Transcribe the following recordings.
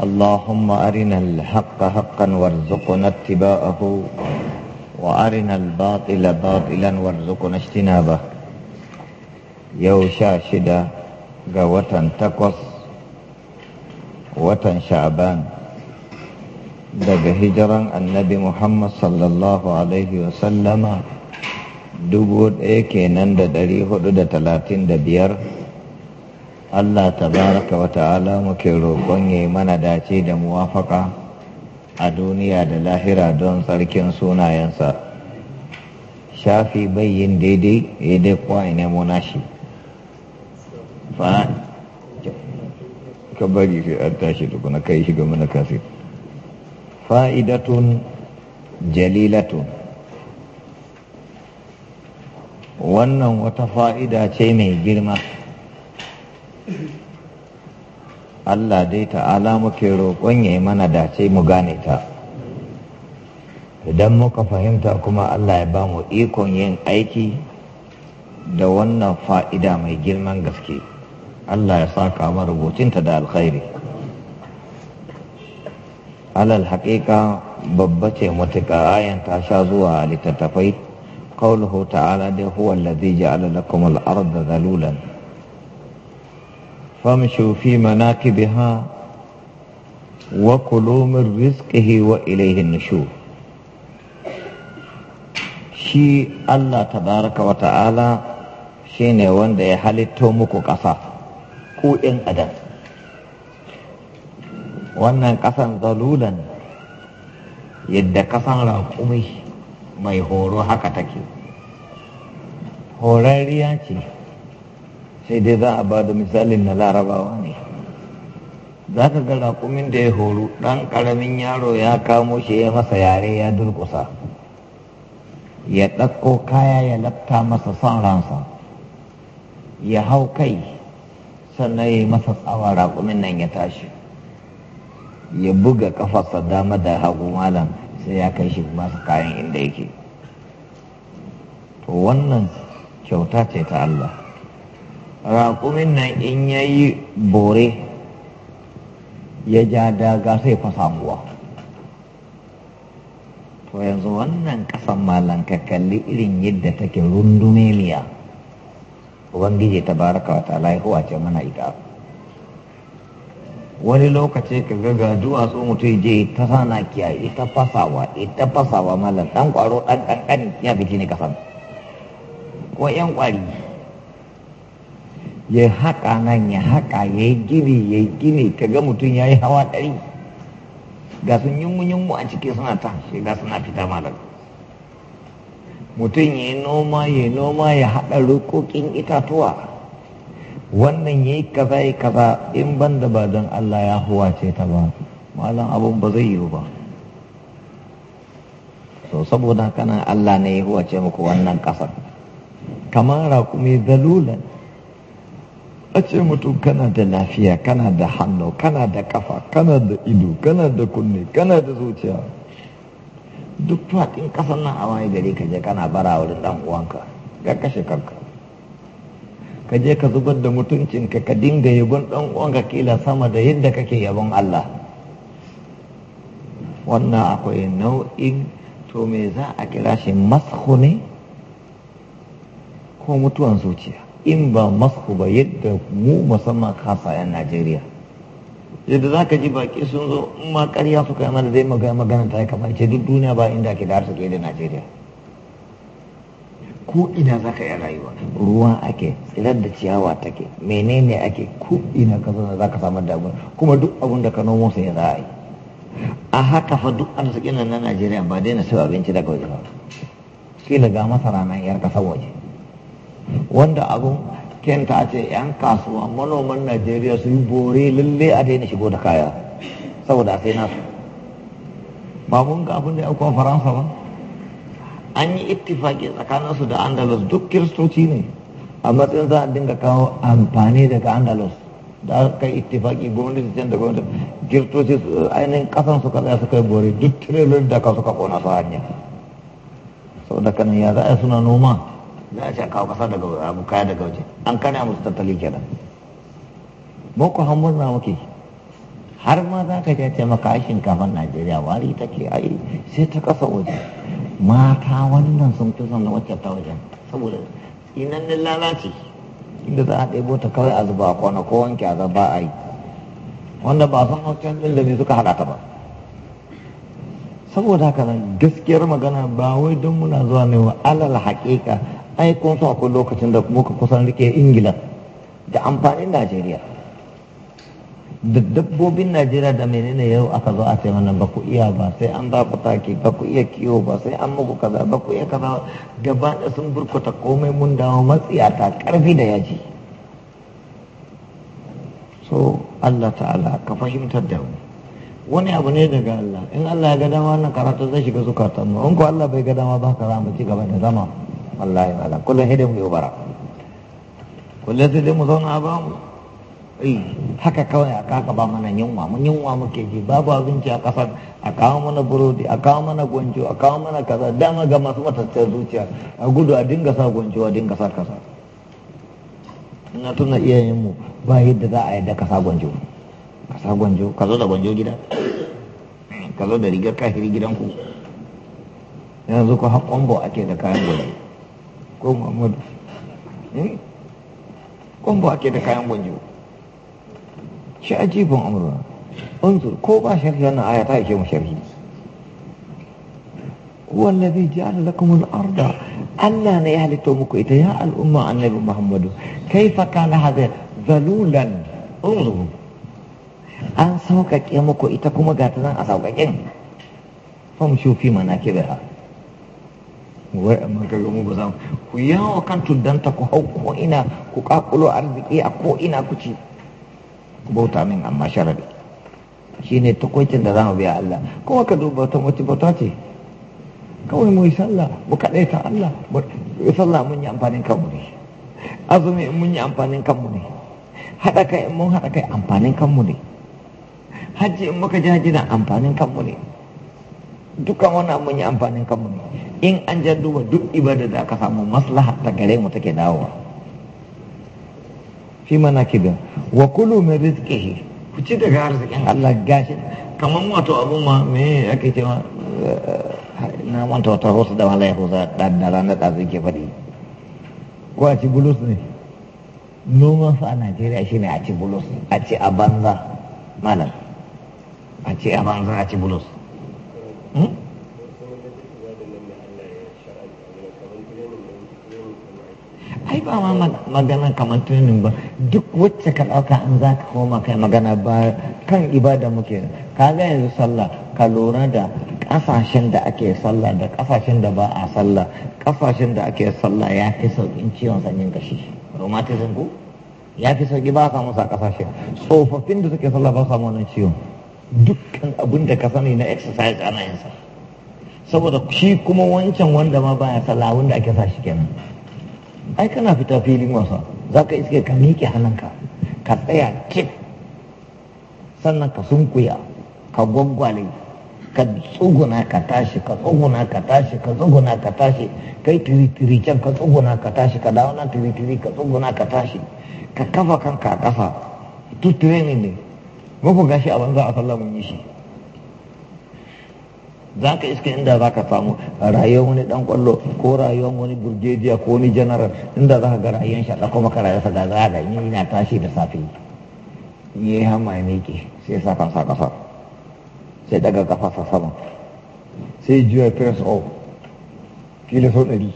اللهم أرنا الحق حقا وارزقنا اتباعه وأرنا الباطل باطلا وارزقنا اجتنابه يو شاشدة قوة تقص وتن شعبان daga hijiran annabi Muhammad sallallahu dubu ɗaya kenan da ɗari hudu da talatin da biyar Allah tabaraka wa ta'ala muke roƙon ya mana dace da muwafaka a duniya da lahira don tsarkin sunayensa shafi bayyin daidai ya dai kwa ina muna shi fa ka bari sai an tashi tukuna kai shiga mana kasi fa'idatun jalilatun wannan wata fa'ida ce mai girma Allah dai ta'ala muke roƙon ya yi mana dace mu gane ta idan muka fahimta kuma Allah ya ba mu ikon yin aiki da wannan fa'ida mai girman gaske Allah ya sa kama rubutunta da alkhairi alal haƙiƙa babba ce matuƙa ayan ta sha zuwa littattafai قوله ta'ala ده هو الذي جعل arda zalulan zalulan. فامشوا في مناكبها وكلوا من رزقه وإليه النشور shi Allah tabaraka wa ta'ala shi ne wanda ya halitto muku ƙasa ku ‘yan adam wannan ƙasan zalulan yadda ƙasan raƙumi mai horo haka take Horariya ce sai dai za a ba da misalin na larabawa ne za ka ga raƙumin da ya horu ɗan ƙaramin yaro ya kamo shi ya masa yare ya durƙusa ya ɗauko kaya ya lafta masa son ransa ya hau kai sannan ya yi masa tsawa raƙumin nan ya tashi ya buga ƙafarsa dama da hagu malam sai ya kai shi masa kayan inda yake to wannan kyauta ce ta Allah raƙumin nan in ya yi bore ya ja daga sai fasa to yanzu wannan kasan malan ka irin yadda take rundume miya ubangiji ta baraka wa ta'ala ya ce mana ita wani lokaci ka ga ga duwatsu mutum je ta sana kiyaye ita fasawa ita fasawa malam dan kwaro dan kankan ya fiti ne kasan ko yan kwari ya haƙa nan ya haƙa ya yi gini ya yi gini ka ga mutum ya yi hawa ɗari ga sun yunmu mu a ciki suna ta shiga suna fita malam mutum ya yi noma ya yi noma ya haɗa rokokin itatuwa wannan ya yi kaza ya kaza in ban da ba don Allah ya huwace ta ba malam abun ba zai yiwu ba to saboda haka Allah ne ya huwace muku wannan ƙasar kamar raƙumi dalulan. a ce mutum kana da lafiya kana da hannu kana da kafa kana da ido kana da kunne kana da zuciya duk faɗin ƙasar nan a wani gari ka je kana bara wurin ɗan uwanka ga kashe kanka ka je ka zubar da mutuncinka ka dinga yabon ɗan uwanka kila sama da yadda kake yabon Allah wannan akwai nau'in to me za a kira shi ko mutuwan zuciya in ba masku ba yadda mu musamman kasa 'yan najeriya yadda za ka ji baki sun zo in ma karya suka yi mana zai magana magana ta yi kamar ce duk duniya ba inda ke da ke da najeriya ko ina za ka yi rayuwa ruwa ake tsirar da ciyawa take menene ake ko ina ka zo za ka samar da kuma duk abin da ka nomo sai za a yi a haka fa duk arzikin nan na najeriya ba daina sai abinci daga waje ba kila ga masara nan yar kasar waje wanda abun kenta ce 'yan kasuwa manoman najeriya su yi bore lalle a daina shigo da kaya saboda sai nasu ba mun ga abin da ya kuwa faransa ba an yi ittifaki tsakaninsu da andalus duk kiristoci ne a matsayin za a dinga kawo amfani daga andalus da aka yi ittifaki gwamnati can da gwamnati kiristoci ainihin kasan su kaza suka yi bore duk tirelin da ka suka kona su hanya saboda kanin ya za a suna noma za a kawo kasa daga abu kaya daga waje an kana musu tattali kenan mu ku na muke har ma za ka je ce maka kafin najeriya wari take ai sai ta kasa waje mata wannan sun fi son na wacce ta wajen saboda inan da lalace inda za a ɗebo ta kawai a zuba kwana ko wanke a zaba a yi wanda ba san wancan ɗin da ne suka haɗa ta ba saboda haka gaskiyar magana ba wai don muna zuwa ne wa alal haƙiƙa ai kun so akwai lokacin da muka kusan rike ingila da amfanin najeriya da dabbobin najeriya da menene yau aka zo a ce mana ba ku iya ba sai an ba ku taki ba ku iya kiwo ba sai an muku kaza ba ku iya kaza gaba da sun burkuta komai mun dawo matsiyata karfi da yaji so allah ta'ala ka fahimtar da mu wani abu ne daga Allah in Allah ya ga dama wannan karatu zai shiga zukatan mu in ko Allah bai ga dama ba ka za mu ci gaba da zama wallahi wala kullum hidin mu bara kullum sai dai mu zauna ba mu haka kawai a kaka ba mana yunwa mun yunwa muke ji babu abinci a kasar a kawo mana burodi a kawo mana gwanjo a kawo mana kaza dama ga masu matattar zuciya a gudu a dinga sa gwanjo a dinga sa kasa ina tuna mu ba yadda za a yadda kasa gwanjo ka gwanjo ka zo da gwanjo gida ka zo da rigar gidan gidanku yanzu ko haƙon ake da kayan gwanjo ko muhammadu kun ba ke kayan gwanjo shi ajibin amurwa unzur ko ba sharhi wannan aya ta yake mu sharhi wallazi ja'ala lakum na arda Allah ne ya halitta muku ita ya al'umma annabi Muhammadu kaifa kana hada zalulan unzur an sauƙaƙe muku ita kuma ga ta nan a sauƙaƙen fa mu shofi mana wai amma ka mu ba za mu ku yawo kan tuddanta ku hau ko ina ku kakulo arziki a ko ina ku ci ku bauta min amma sharadi shine tukuncin da za mu biya Allah kuma ka duba ta mace bauta ce kawai mu yi sallah mu kaɗai ta Allah mu sallah mun yi amfanin kanmu ne azumi mun yi amfanin kanmu ne haɗa kai mun haɗa kai amfanin kanmu ne hajji in muka ji hajji na amfanin kanmu ne dukkan wannan mun yi amfanin kanmu ne in an jan duba duk ibadar da aka samu maslaha ta gare mu take dawowa fi mana kibin wa kulu min rizqihi ku ci daga arzikin Allah gashi kamar wato abun ma me ake cewa eh, na manta wata hosu da wala ya hosu da na tsazin ke faɗi ko a ci bulus ne noman su a Najeriya shine a ci bulus a ci a banza malam a ci a banza a ci bulus Hmm? ai ba ma magana kamar tunanin ba duk wacce ka ɗauka an za ka koma kai magana ba kan ibada muke ka ga yanzu sallah ka lura da ƙasashen da ake sallah da ƙasashen da ba a sallah ƙasashen da ake sallah ya fi sauƙin ciwon sanyin gashi rheumatism ko ya fi sauƙi ba a samu sa ƙasashe tsofaffin da suke sallah ba samu wannan ciwon dukkan abin da ka sani na exercise ana yin sa saboda shi kuma wancan wanda ma baya sala wanda ake sa shi kenan ai kana fita filin wasa za ka iske ka miƙe hannunka ka tsaya kif sannan ka sunkuya ka gwaggwale ka tsuguna ka tashi ka tsuguna ka tashi ka tsuguna ka tashi kai tiri-tiri can ka tsuguna ka tashi ka dawo nan tiri-tiri ka tsuguna ka tashi ka kafa kanka a kafa tu training ne muku gashi a banza a sallah mun yi shi za ka iska inda za ka samu rayuwar wani dan kwallo ko rayuwar wani burgejiya ko wani janaral inda za ka ga rayuwar shi a ɗauko maka rayuwarsa da za ga yi na tashi da safe ya yi hama ya miƙe sai sa sa ƙasa sai daga sa sama sai juya press off kila sau ɗari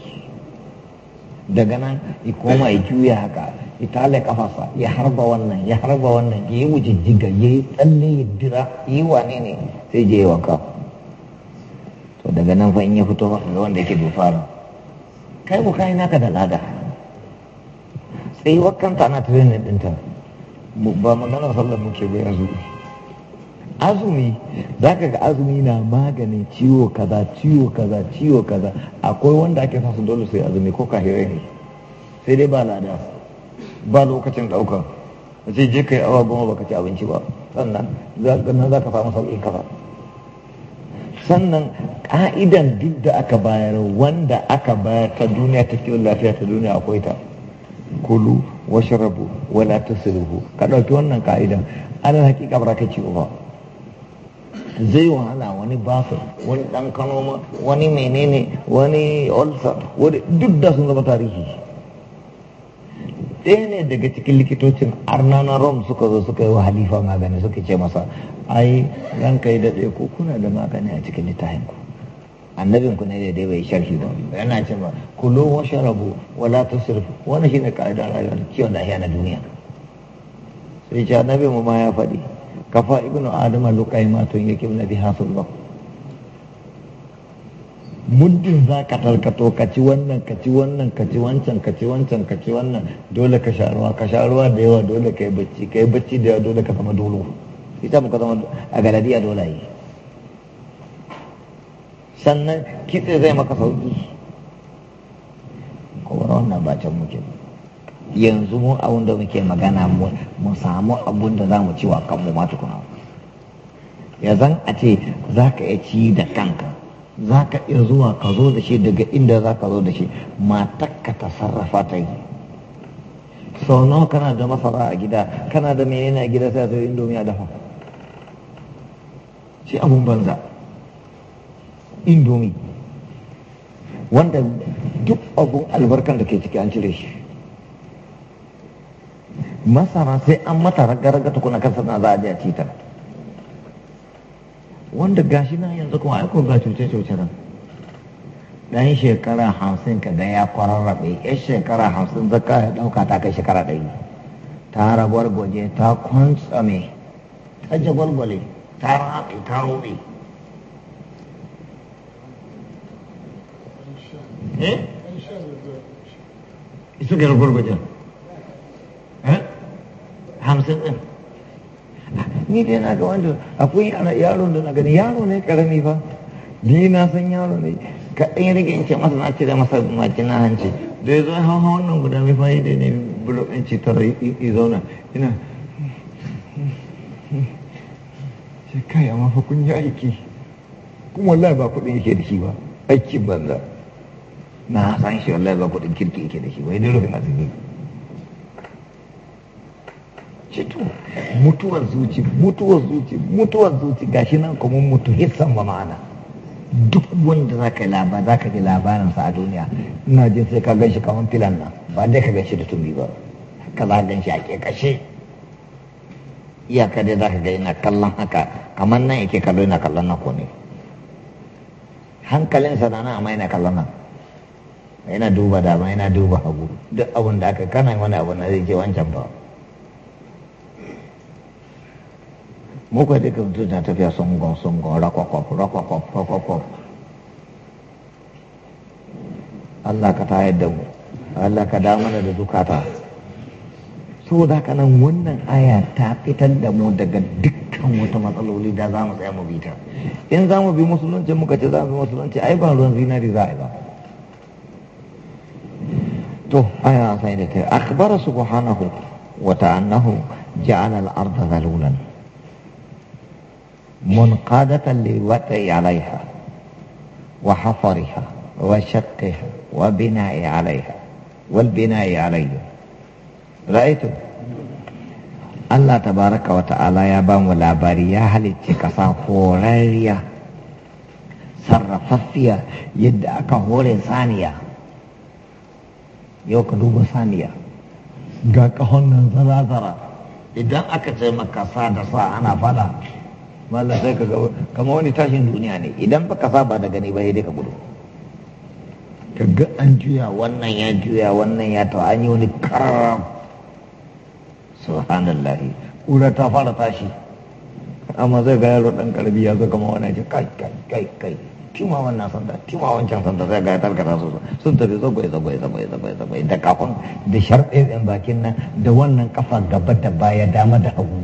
daga nan ya koma ya juya haka italiya kafafa kafarsa ya harba wannan ya harba wannan ya yi wujijjiga ya yi tsalle ya dira yi wane ne sai je yi waka to daga nan fa in ya fito da wanda yake fara kai ku kai naka da lada sai wakan ta na training dinta ba maganar sallar muke ba yanzu azumi za ka ga azumi na maganin ciwo kaza ciwo kaza ciwo kaza akwai wanda ake sa su dole sai azumi ko kahirai ne sai dai ba lada ba lokacin ɗaukan zai je kai awa goma baka ci abinci ba sannan nan za ka samu sauƙin kafa sannan ƙa'idan duk da aka bayar wanda aka bayar ta duniya ta kiwon lafiya ta duniya akwai ta kulu wa wala tasrifu ka ɗauki wannan ka'idan ana hakika ba ka ci ba zai wahala wani basir wani ɗan kanoma wani menene wani ulcer duk da sun zama tarihi ɗaya ne daga cikin likitocin arna na rom suka zo suka yi wa halifa magani suka ce masa ai ran kai daɗe ko kuna da magani a cikin littafin ku annabin ku ne daidai bai sharhi ba yana ce ba kulo wa sharabu wala tusrifu wannan shine ka'idar rayuwar kiwon lafiya na duniya sai ce annabin mu ma ya faɗi kafa ibnu adama luqaymatun yakim nabi ba. muddin za ka tarkato ka ci wannan ka ci wannan ka ci wancan ka ci wancan ka ci wannan dole ka sha ruwa ka sha ruwa da yawa dole ka yi bacci ka yi bacci da yawa dole ka zama dolo ita muka zama a galadiya dole yi sannan kitse zai maka sauki kuma wannan ba muke yanzu mu a wanda muke magana mu samu abin da za mu ci wa kanmu ma tukuna ya zan a ce za ka iya ci da ka. za ka iya zuwa ka zo da shi daga inda za ka zo da shi matakka ta sarrafa ta yi sau nawa kana da masara a gida kana da menene a gida sai ta yi indomi a dafa shi abun banza indomi wanda duk abun albarkan da ke ciki an cire shi masara sai an mata ragar raga kuna kasar na za a je a titar wanda gashi na yanzu kuma aiko ga cuce-cuce nan ɗan shekara hamsin ka ga ya kwararrabe yan shekara hamsin zaka ya ɗauka ta kai shekara ɗari ta rabuwar gwaje ta kwantsame ta jagwalgwale ta raɓe ta roɓe eh? Isu gara gwargwajen? Eh? Hamsin ɗin? ni dai na ga wanda akwai ana yaron da na gani yaro ne karami fa ni na san yaro ne kaɗan rage in ce masa na ce da masa majina hanci da ya zo hau hau wannan guda mai fa da ne bulok in ce tara yi zauna ina ce kai amma fa kun yi aiki kuma wallahi ba kuɗin yake da shi ba aikin banza na san shi wallahi ba kuɗin kirki yake da shi wai dai rufin asiri cito mutuwar zuci mutuwar zuci mutuwar zuci gashi nan kuma mutu hissan ba ma'ana duk wanda za ka yi labarin za ka ji sa a duniya ina jin sai ka gan shi kamar filan nan ba dai ka gan shi da tumi ba ka za gan shi a ke kashe iyaka dai za ka gani na kallon haka kamar nan yake kallo na kallon nan kone ne hankalinsa na nan amma yana kallon nan yana duba dama yana duba hagu duk abin da aka kana wani abu na zai ke wancan ba muka da kamtu na tafiya sungon sungon rakwakwaf rakwakwaf rakwakwaf Allah ka tayar da mu Allah ka damana da zukata so da wannan aya ta fitar da mu daga dukkan wata matsaloli da za mu tsaya mu bi ta in za mu bi musulunci muka ce za mu bi musulunci ai ba ruwan zinari za a yi ba to aya sai da ta akhbara subhanahu wa ta'annahu ja'ala al-ardha zalulan منقادة لوتي عليها وحفرها وشقها وبناء عليها والبناء عليها رأيت الله تبارك وتعالى يا بام ولا باريا هل تكسا خوريا صرففيا يد خوري ثانية يوك دوب ثانية قاك زرا ثلاثة إذا أكتمك سادسة أنا فلا mallan sai ka ga kama wani tashin duniya ne idan ba baka saba da gani ba sai dai ka gudu ka ga an juya wannan ya juya wannan ya ta an yi wani karar subhanallah kura ta fara tashi amma zai ga yaro dan karbi ya zo kama wani kai kai kai kai kima wannan sanda kima wancan sanda zai ga ya tarkata su sun tafi zagwai zagwai zagwai zagwai zagwai da kafan da sharɗe bakin nan da wannan kafa gaba da baya dama da hagu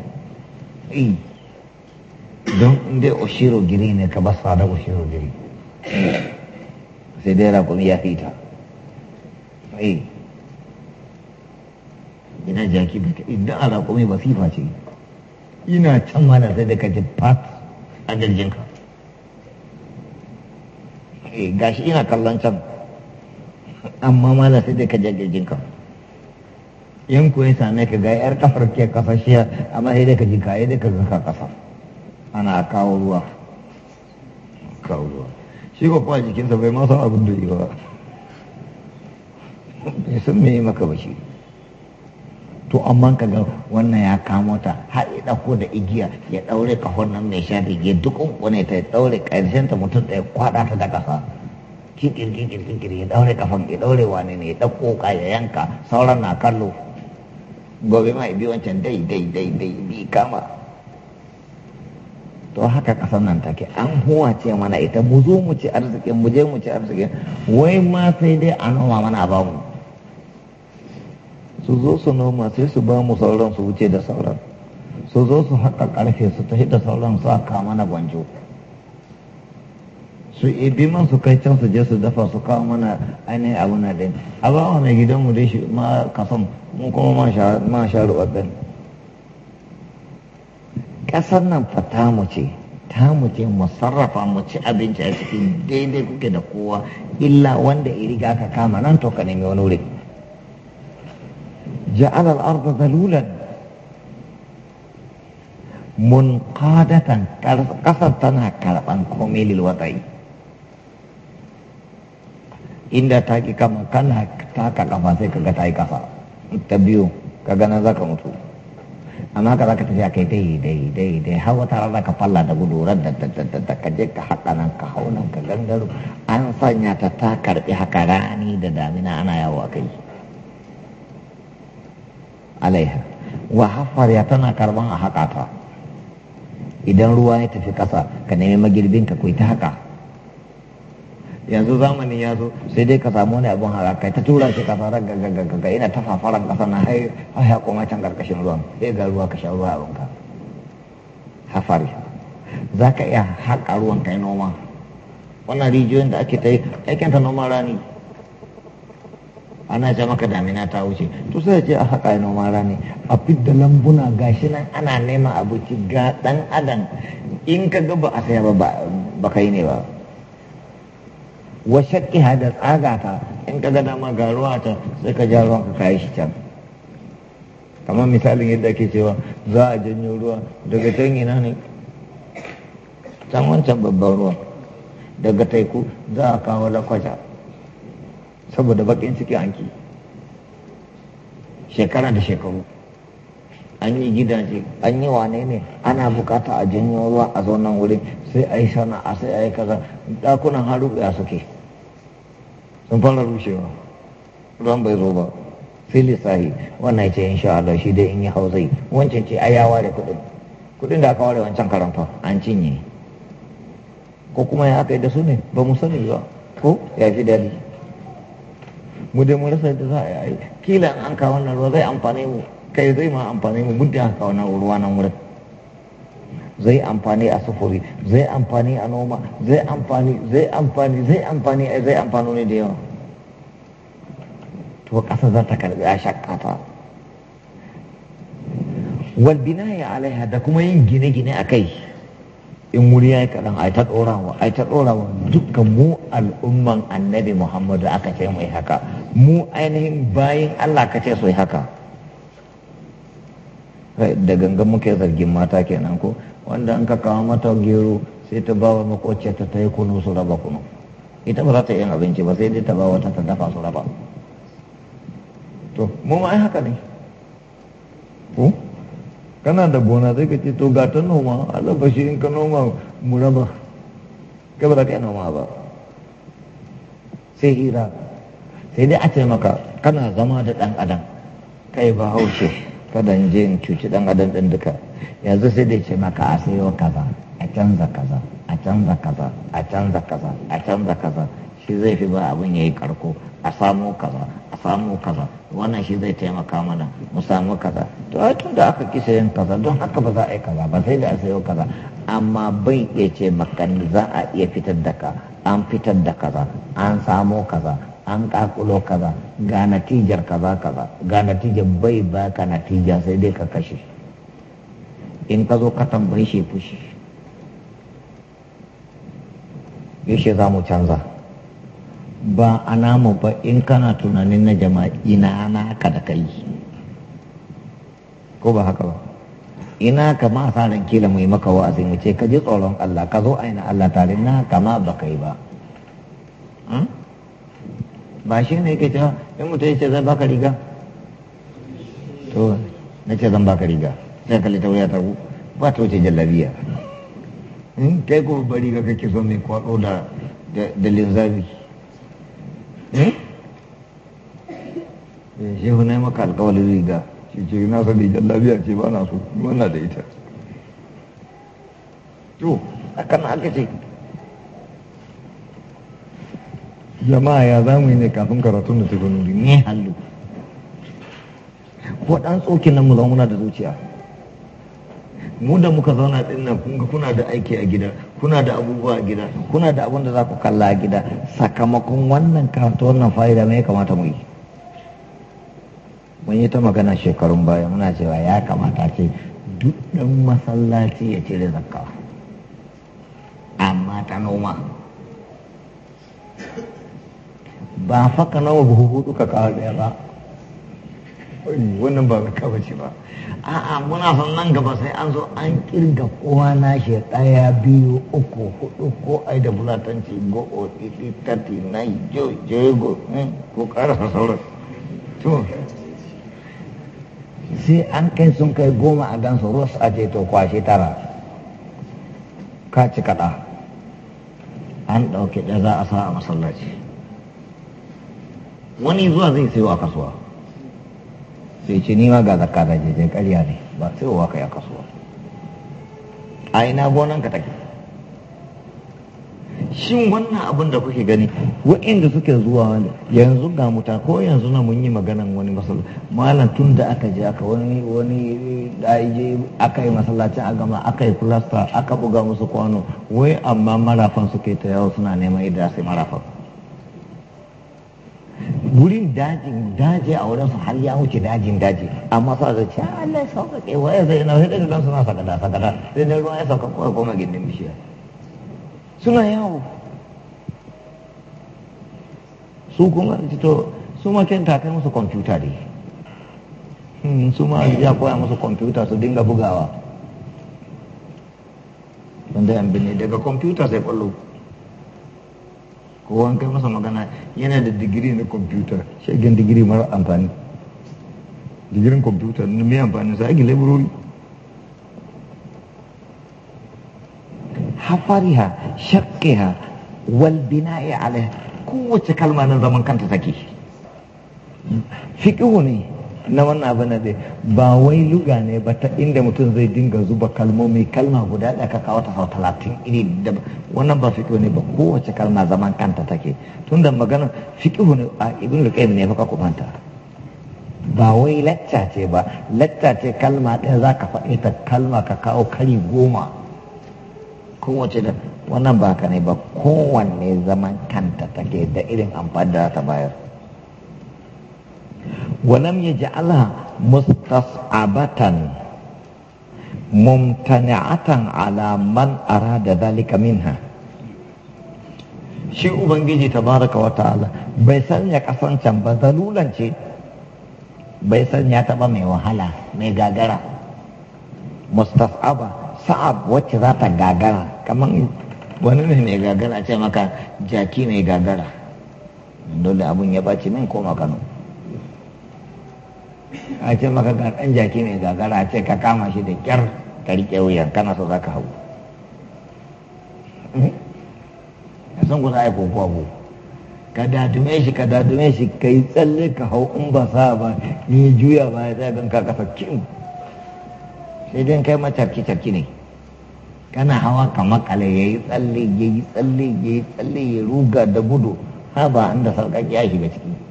don inda oshiro giri ne ka ba da oshiro giri sai dai raƙumi ya fita eh ina jaki ba idan a raƙumi ba sifa ce ina can mana sai da ka ji fat a jirginka eh gashi ina kallon can amma mana sai da ka ji jirginka yan koyi same ka ga yar kafar ke kafashiya amma sai da ka ji kaye da ka ga ka kafar ana kawo ruwa kawo ruwa shi ko kuma jikinsa bai ma san abin da yi ba bai san me maka ba shi to amma ka ga wannan ya kamo ta har ya dauko da igiya ya daure kahon nan mai sha da duk wani ta ya daure karshen ta mutum da ya kwada ta da kasa kikir kikir kikir ya daure kafan ya daure wane ne ya dauko ka ya yanka sauran na kallo gobe ma ya can wancan dai dai dai dai bi kama to haka kasan nan take an huwace mana ita mu zo mu ci arzikin mu je mu ci arzikin wai ma sai dai a noma mana a bamu. su zo su noma sai su ba mu sauran su wuce da sauran su zo su haƙa ƙarfe su tafi da sauran su aka mana gwanjo su ibi man su kai can su je su dafa su kawo mana ainihin abu na din a ba wani mai gidanmu dai shi ma kasan mun kuma ma sha ruwa dani ƙasar nan fa mu ce ta ce mu sarrafa mu ci abinci a cikin daidai kuke da kowa illa wanda iri riga ka kama nan to ka nemi wani wuri ja'al al-ardh zalulan munqadatan kasar tana karban komai lil inda ta ki kama kana ta ka kafa sai kaga ta yi kafa ta biyu kaga za zaka mutu amma ka zaka tafiya kai dai dai dai dai har wata rana ka falla da gudu ran da da ka je ka haƙa nan ka hau nan ka gangaro an sanya ta ta karɓi haka rani da damina ana yawo a kai alaiha wa hafar ya tana karban a haƙa ta idan ruwa ya tafi ƙasa ka nemi magirbin ka kai ta haƙa yanzu zamanin ya zo sai dai ka samu wani abun haraka ta tura shi ka fara gagagaga ina ta fafaran kasa na hai ai ya koma can karkashin ruwan sai ga ruwa ka sha ruwa abun ka hafari za ka iya haƙa ruwan kai noma wannan rijiyoyin da ake ta yi aikin ta noma rani ana ce maka damina ta wuce to sai ce a haƙa noma rani a fidda lambuna gashi nan ana neman abinci ga dan adam in ka ga ba a saya ba ba kai ne ba wasaki hada da tsaga ta in ka ga dama ga ruwa ta sai ka ja ruwan ka kai shi can kamar misalin yadda ake cewa za a janyo ruwa daga can ina ne can wancan babban ruwa daga taiku za a kawo lakwaja saboda bakin ciki anki shekara da shekaru an yi gidaje an yi wane ne ana bukata a janyo ruwa a zaunan wurin sai a yi sana'a sai a yi kaza dakunan har ya suke sun fara rushewa ruwan bai zo ba sai lissahi wannan ce insha Allah shi dai in yi hau zai wancan ce ai ya ware kudin kuɗin da aka ware wancan karanta an cinye ko kuma ya aka yi da su ne ba mu sani ba ko ya fi dadi mu dai mu rasa yadda za a yi kila an kawo wannan ruwa zai amfane mu kai zai ma amfani mu muddin haka kawo ruwa nan wurin zai amfani a sufuri zai amfani a noma zai amfani zai amfani zai amfani zai amfani ne da yawa to ƙasa za ta karɓi a shakata wal binaya alaiha da kuma yin gine-gine a kai in wuri ya yi kaɗan a ta ɗorawa a ta ɗorawa dukkan mu al'umman annabi muhammadu aka ce mai haka mu ainihin bayan allah ka ce su haka da gangan muke zargin mata kenan ko wanda an ka kawo mata gero sai ta ba wa makwaciyarta ta yi kunu su raba kunu ita ba za ta yi abinci ba sai dai ta ba wata ta dafa su raba to mu ma ai haka ne ko kana da gona zai ka ce to ga ta noma alaba shi in ka noma mu raba ka ba za ka yi noma ba sai hira sai dai a taimaka kana zama da ɗan adam kai ba haushe kada in je in cuci dan adam din duka yanzu sai da ce maka a sayo kaza a canza kaza a canza kaza a canza kaza a canza kaza shi zai fi ba abin yayi karko a samu kaza a samu kaza wannan shi zai taimaka mana mu samu kaza to a tun da aka kisa yin kaza don haka ba za a yi kaza ba sai da a sayo kaza amma bai iya ce maka za a iya fitar da ka an fitar da kaza an samo kaza an kakulo kaza ga natijar kaza kaza ga natijar bai ba ka natija sai dai ka kashe in ka zo ka tambayi shi fushi yaushe za mu canza ba a namu ba in kana tunanin na jama'i na ana haka da kai ko ba haka ba ina kama a sa ran kila mai maka wa'azi mu ce ka ji tsoron Allah ka zo aina Allah tare na kama ba kai ba hmm? ba shi ne ke cewa in mutum ya ce zai baka riga to na ce zan baka riga sai kalli ta wuya ta ku ba ta wuce jallabiya in kai ko bari ga kake zo mai kwado da da linzami eh shehu na yi maka alkawalin riga shi ce na sani jallabiya ce ba na so wannan da ita to akan haka ce jama'a ya za mu yi ne kafin karatun da wuri ne hallu ko ɗan tsokin nan mu zauna da zuciya mu da muka zauna ɗin nan kun kuna da aiki a gida kuna da abubuwa a gida kuna da abin da za ku kalla a gida sakamakon wannan karatu wannan fa'ida mai ya kamata mu yi mun yi ta magana shekarun baya muna cewa ya kamata ce duk ɗan masallaci ya cire zakka amma ta noma ba faka nawa buhu hudu ka kawo daya ba wannan ba ka shi ba a'a muna son nan gaba sai an zo an kirga kowa na shi daya biyu uku hudu ko ai da bulatanci go o titi tati na jo jego eh, ko karasa sauran to sai an kai sun kai goma a gansu ros a aje to kwashe tara ka ci kaɗa an ɗauki ɗaya za a sa a masallaci wani zuwa zai sayo a kasuwa sai ce ni ma ga zakka da jeje ƙarya ne ba sayowa ka ya kasuwa a ina gonan ka take shin wannan abin da kuke gani wa'inda suke zuwa wani yanzu ga muta ko yanzu na mun yi maganan wani masala malam tun da aka je aka wani wani da je aka yi masallacin a gama aka yi kulasta aka buga musu kwano wai amma marafan suke ta yawo suna neman idan sai marafan wurin dajin daji a wurinsu har ya wuce dajin daji amma sa da ce ah, Allah ya sauka kai waye zai na hidin dan suna sagada sagada sai da ruwa ya sauka ko goma gindin bishiya suna yawo su kuma to su ma kyan kai musu kwamfuta dai hmm, su ma ya koya musu kwamfuta su dinga bugawa wanda yan ne daga kwamfuta sai kwallo ko an kai masa magana yana da digiri na kwamfuta shagen digiri mara amfani digirin kwamfuta na mai amfani sa ake laburori hafariha shakkiha wal bina'i alaiha kowace kalma na zaman kanta take fiƙihu ne na wannan abu na dai ba wai luga ne ba ta inda mutum zai dinga zuba kalmomi kalma guda da ka kawo ta talatin iri da wannan ba fiƙo ne ba kowace kalma zaman kanta take tunda magana fiƙo ne a ibn lukai ne baka kubanta ba wai lacca ce ba lacca ce kalma ɗaya za ka faɗi ta kalma ka kawo kari goma kowace da wannan ba ka ne ba kowanne zaman kanta take da irin amfani da ta bayar ولم يجعلها مستصعبة ممتنعة على من أراد ذلك منها shi ubangiji tabaraka wa ta'ala bai sanya kasan can ba zalulan ce bai sanya ta ba mai wahala mai gagara mustaf'aba sa'ab wacce za ta gagara kamar wani ne mai gagara ce maka jaki mai gagara dole abun ya baci min koma kano a ce maka ga ɗan jaki mai gagara a ce ka kama shi da kyar ka riƙe wuyan kana so za ka hau hmm? a san kusa ai koko abu ka dadume shi ka dadume shi ka yi tsalle ka hau in ba sa ba ni juya ba ya tsaye ka kasa kin sai dai kai macarki carci ne kana hawa ka makale ya yi tsalle ya yi tsalle ya yi tsalle ya ruga da gudu ha ba inda ya shiga ciki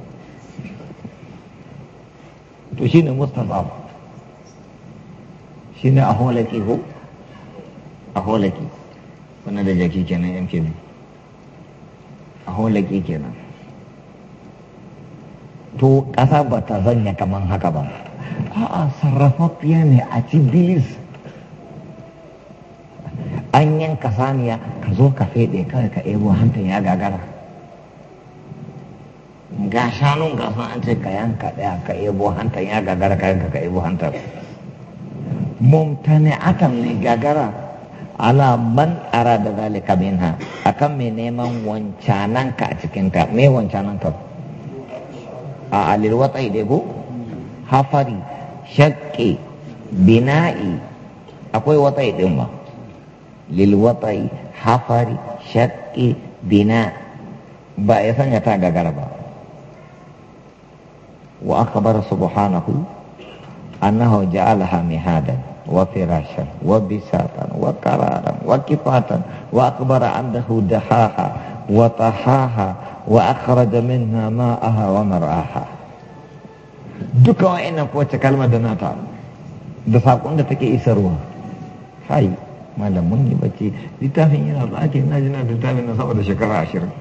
to shi ne mustazab shi ne a holaki ko a holaki wannan da jaki kenan yan kenan a holaki kenan to kasa ba ta zanya kaman haka ba a'a sarrafafiya ne a ci bilis an yanka saniya ka zo ka fede kawai ka ebo hantar ya gagara ga shanun gasa an ce ka yanka ɗaya ka ebo hantar ya gagara ka yanka ka ebo hantar mumtani akan ne gagara ala man ara da zalika minha akan me neman wancananka a cikinta me ka a alil watsai dai go hafari shakke bina'i akwai watsai din ba lil watsai hafari shakke bina ba ya sanya ta gagara ba وأخبر سبحانه أنه جعلها مهادا وفراشا وبساطا وقرارا وكفاتا وأخبر عنده wa وطحاها وأخرج منها ماءها ومرآها duka wa'annan ko wace da na da saƙon da take isarwa hai malam mun yi bacci littafin yana da ake na jina da littafin na saboda shekara ashirin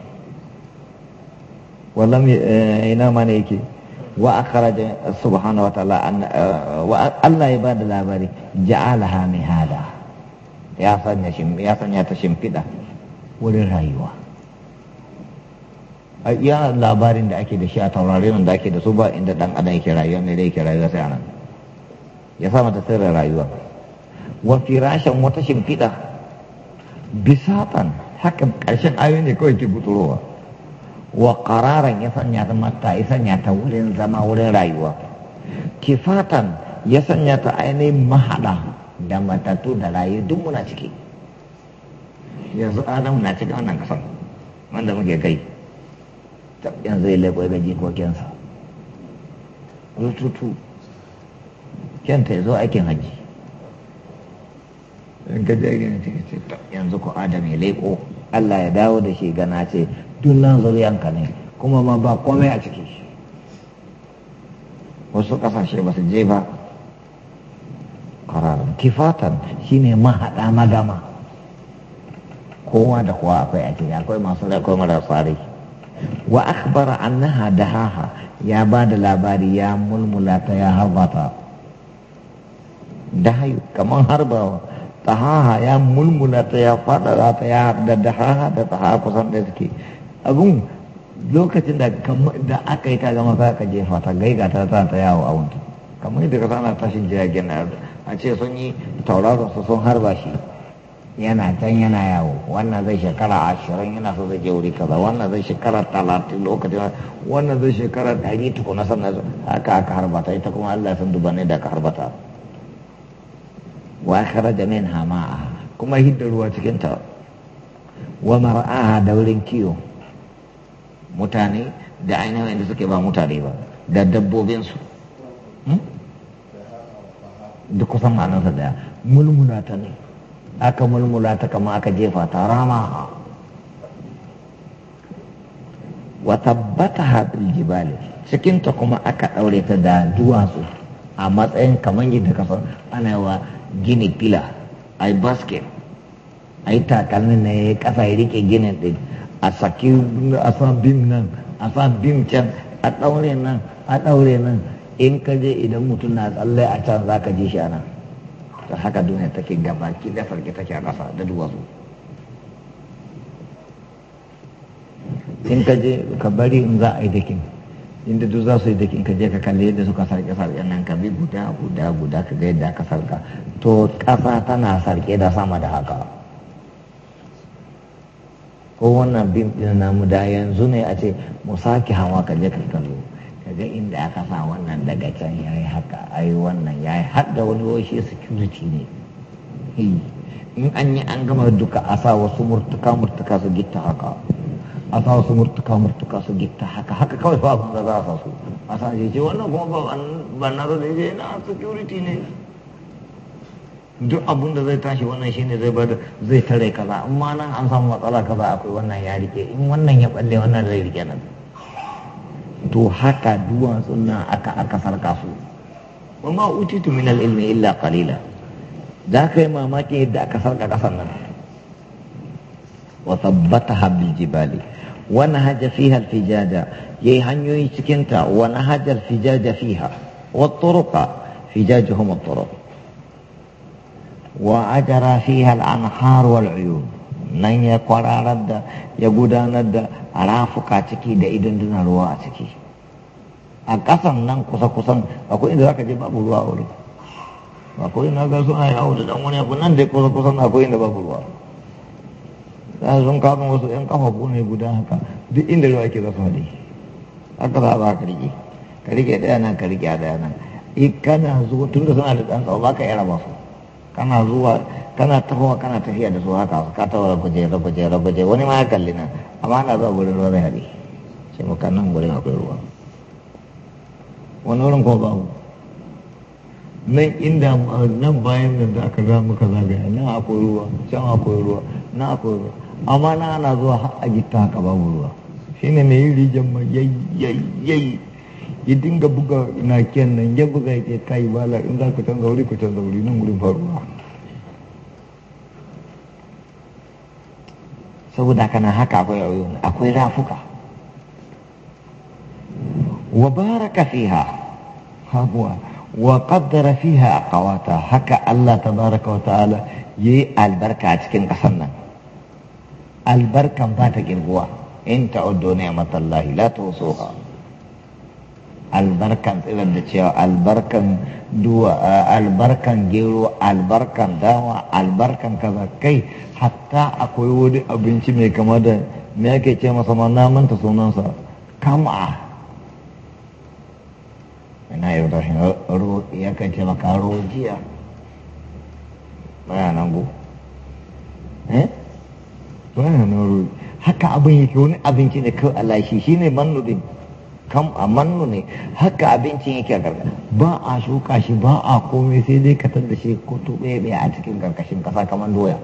wallan eh, ina ma ne yake wa akhraja subhanahu wa ta'ala an eh, Allah ya bada labari ja'alaha mihada ya sanya ya sanya ta shimfida wurin rayuwa a iya labarin da ake da shi a taurarin da ake da su ba inda dan adam yake rayuwa ne da yake rayuwa sai anan ya sa mata sirrin rayuwa wa firashan wata shimfiɗa bisatan hakan ƙarshen ayoyi ne kawai ke buturowa wa ƙararan ya sanya ta mata ya sanya ta wurin zama wurin rayuwa kifatan ya sanya ta ainihin mahaɗa da matattu da rayu duk muna ciki yanzu adam na cikin wannan kasar wanda muke kai yanzu ya laiƙo ga jikokinsa rututu kyanta ya zo aikin hajji yanzu ko adam ya leko. Allah ya dawo da shi gana ce duk nan zuriyanka ne kuma ma ba komai a ciki wasu kasashe ba su je ba kararin kifatan shi ne mahaɗa magama kowa da kowa akwai a ciki akwai masu rai akwai mara tsari wa akhbara annaha dahaha ya ba da labari ya mulmula ta ya harba ta da hayu kamar harbawa tahaha ya mulmula ta ya faɗaɗa ta ya da dahaha da tahaha kusan da suke abun lokacin da da aka yi ta zama za ka jefa ta gai ta ta ta yawo a wanta kamar yadda ka ana tashin jiragen na a ce sun yi tauraron su sun harba shi yana can yana yawo wannan zai shekara ashirin yana so zai je wuri kaza wannan zai shekara talatin lokacin wannan zai shekara ɗari na sannan haka aka harbata ita kuma allah sun duba ne da aka harbata wa da min hama'a kuma hidda ruwa cikin ta wa mara da wurin kiyo mutane da ainihin da suke ba mutane ba da dabbobinsu hmm? da kusan ma'anarsa daya mulmula ta ne aka mulmula ta kama aka jefa ta rama wa bata haɗin jibali cikinta kuma aka ɗaure ta da duwatsu a matsayin kamar yadda kasa ana yawa gini pila a basket a yi takalmin na ya kasa ya rike ginin ɗin a saki a bim nan a sa bim can a ɗaure nan a ɗaure nan in ka je idan mutum na tsalle a can za ka ji shi a nan ta haka duniya take gaba ki da farge take a ƙasa da duwatsu in ka je ka bari in za a yi dakin inda duk za su yi dakin ka je ka kalli yadda suka sarke sarke nan ka bi guda guda guda ka ga yadda ka sarka to ƙasa tana sarke da sama da haka ko wannan bin na namu da yanzu ne a ce mu sake hawa ka je ka kallo ka ga inda aka sa wannan daga can ya yi haka ai wannan ya yi har da wani washe security ne in an yi an gama duka a sa wasu murtuka murtuka su gitta haka a sa wasu murtuka murtuka su gitta haka haka kawai ba su da za a sa su a sa je ce wannan kuma ba na zo da je na security ne duk abun da zai tashi wannan shine zai bada zai tare kaza amma nan an samu matsala kaza akwai wannan ya rike in wannan ya balle wannan zai rike nan to haka duwatsun sunna aka aka farka su amma utitu min al-ilmi illa qalila da kai mamaki yadda aka farka kasan nan wa thabbataha bil jibali wa nahaja fiha al fijaja yayi hanyoyi cikin ta wa nahaja al fiha wa turuqa fijajuhum at Wa ajara al-anhar wal-uyun nan ya kwararar da ya gudanar da rafuka ciki da idundunan ruwa a ciki a ƙasan nan kusa-kusan akwai inda za je babu ruwa wuri akwai inda ga suna yawo da dan wani abu nan da kusa-kusan akwai inda babu ruwa za sun kama wasu yan kafafu ne guda haka duk inda ruwa ke zafa ne haka za ba ka rike ka rike daya nan ka rike a daya nan kana zo tun da suna da ɗan tsawo ba ka yi ba su kana zuwa kana tahowa kana tafiya da su haka ka da kujera da kujera wani ma ya kalli na amma ana zuwa gurin ruwa zai hari sai mu kan nan gurin akwai ruwa wani wurin ko babu nan inda nan bayan nan da aka za muka zagaya nan akwai ruwa can akwai ruwa nan akwai ruwa amma na ana zuwa har a gitta haka babu ruwa shine mai yin rijiyar ma yayi yayi yi dinga buga na kyan nan ya buga ya ke yi bala in za ka canza wuri ku canza wuri nan wurin faruwa saboda kana haka akwai akwai rafuka wa baraka fiha habuwa wa qaddara fiha aqwata haka Allah tabaraka wa ta'ala yayi albarka a cikin kasan nan albarkan ba ta girguwa in ta'uddu ni'matallahi la tusuha albarkan tsirar da cewa albarkan duwa eh, albarkan gero albarkan dawa albarkan kaza kai hatta akwai wani abinci mai kama da me ake ce masa ma na manta sunansa kama ina yau da shi ya kan ce maka rojiya baya nan go eh baya nan haka abin yake wani abinci ne kawai alashi shine mannudin kam a ne haka abincin yake a karkashin ba a shuka shi ba a komai sai dai ka da shi ko bai a cikin karkashin kasa kamar doya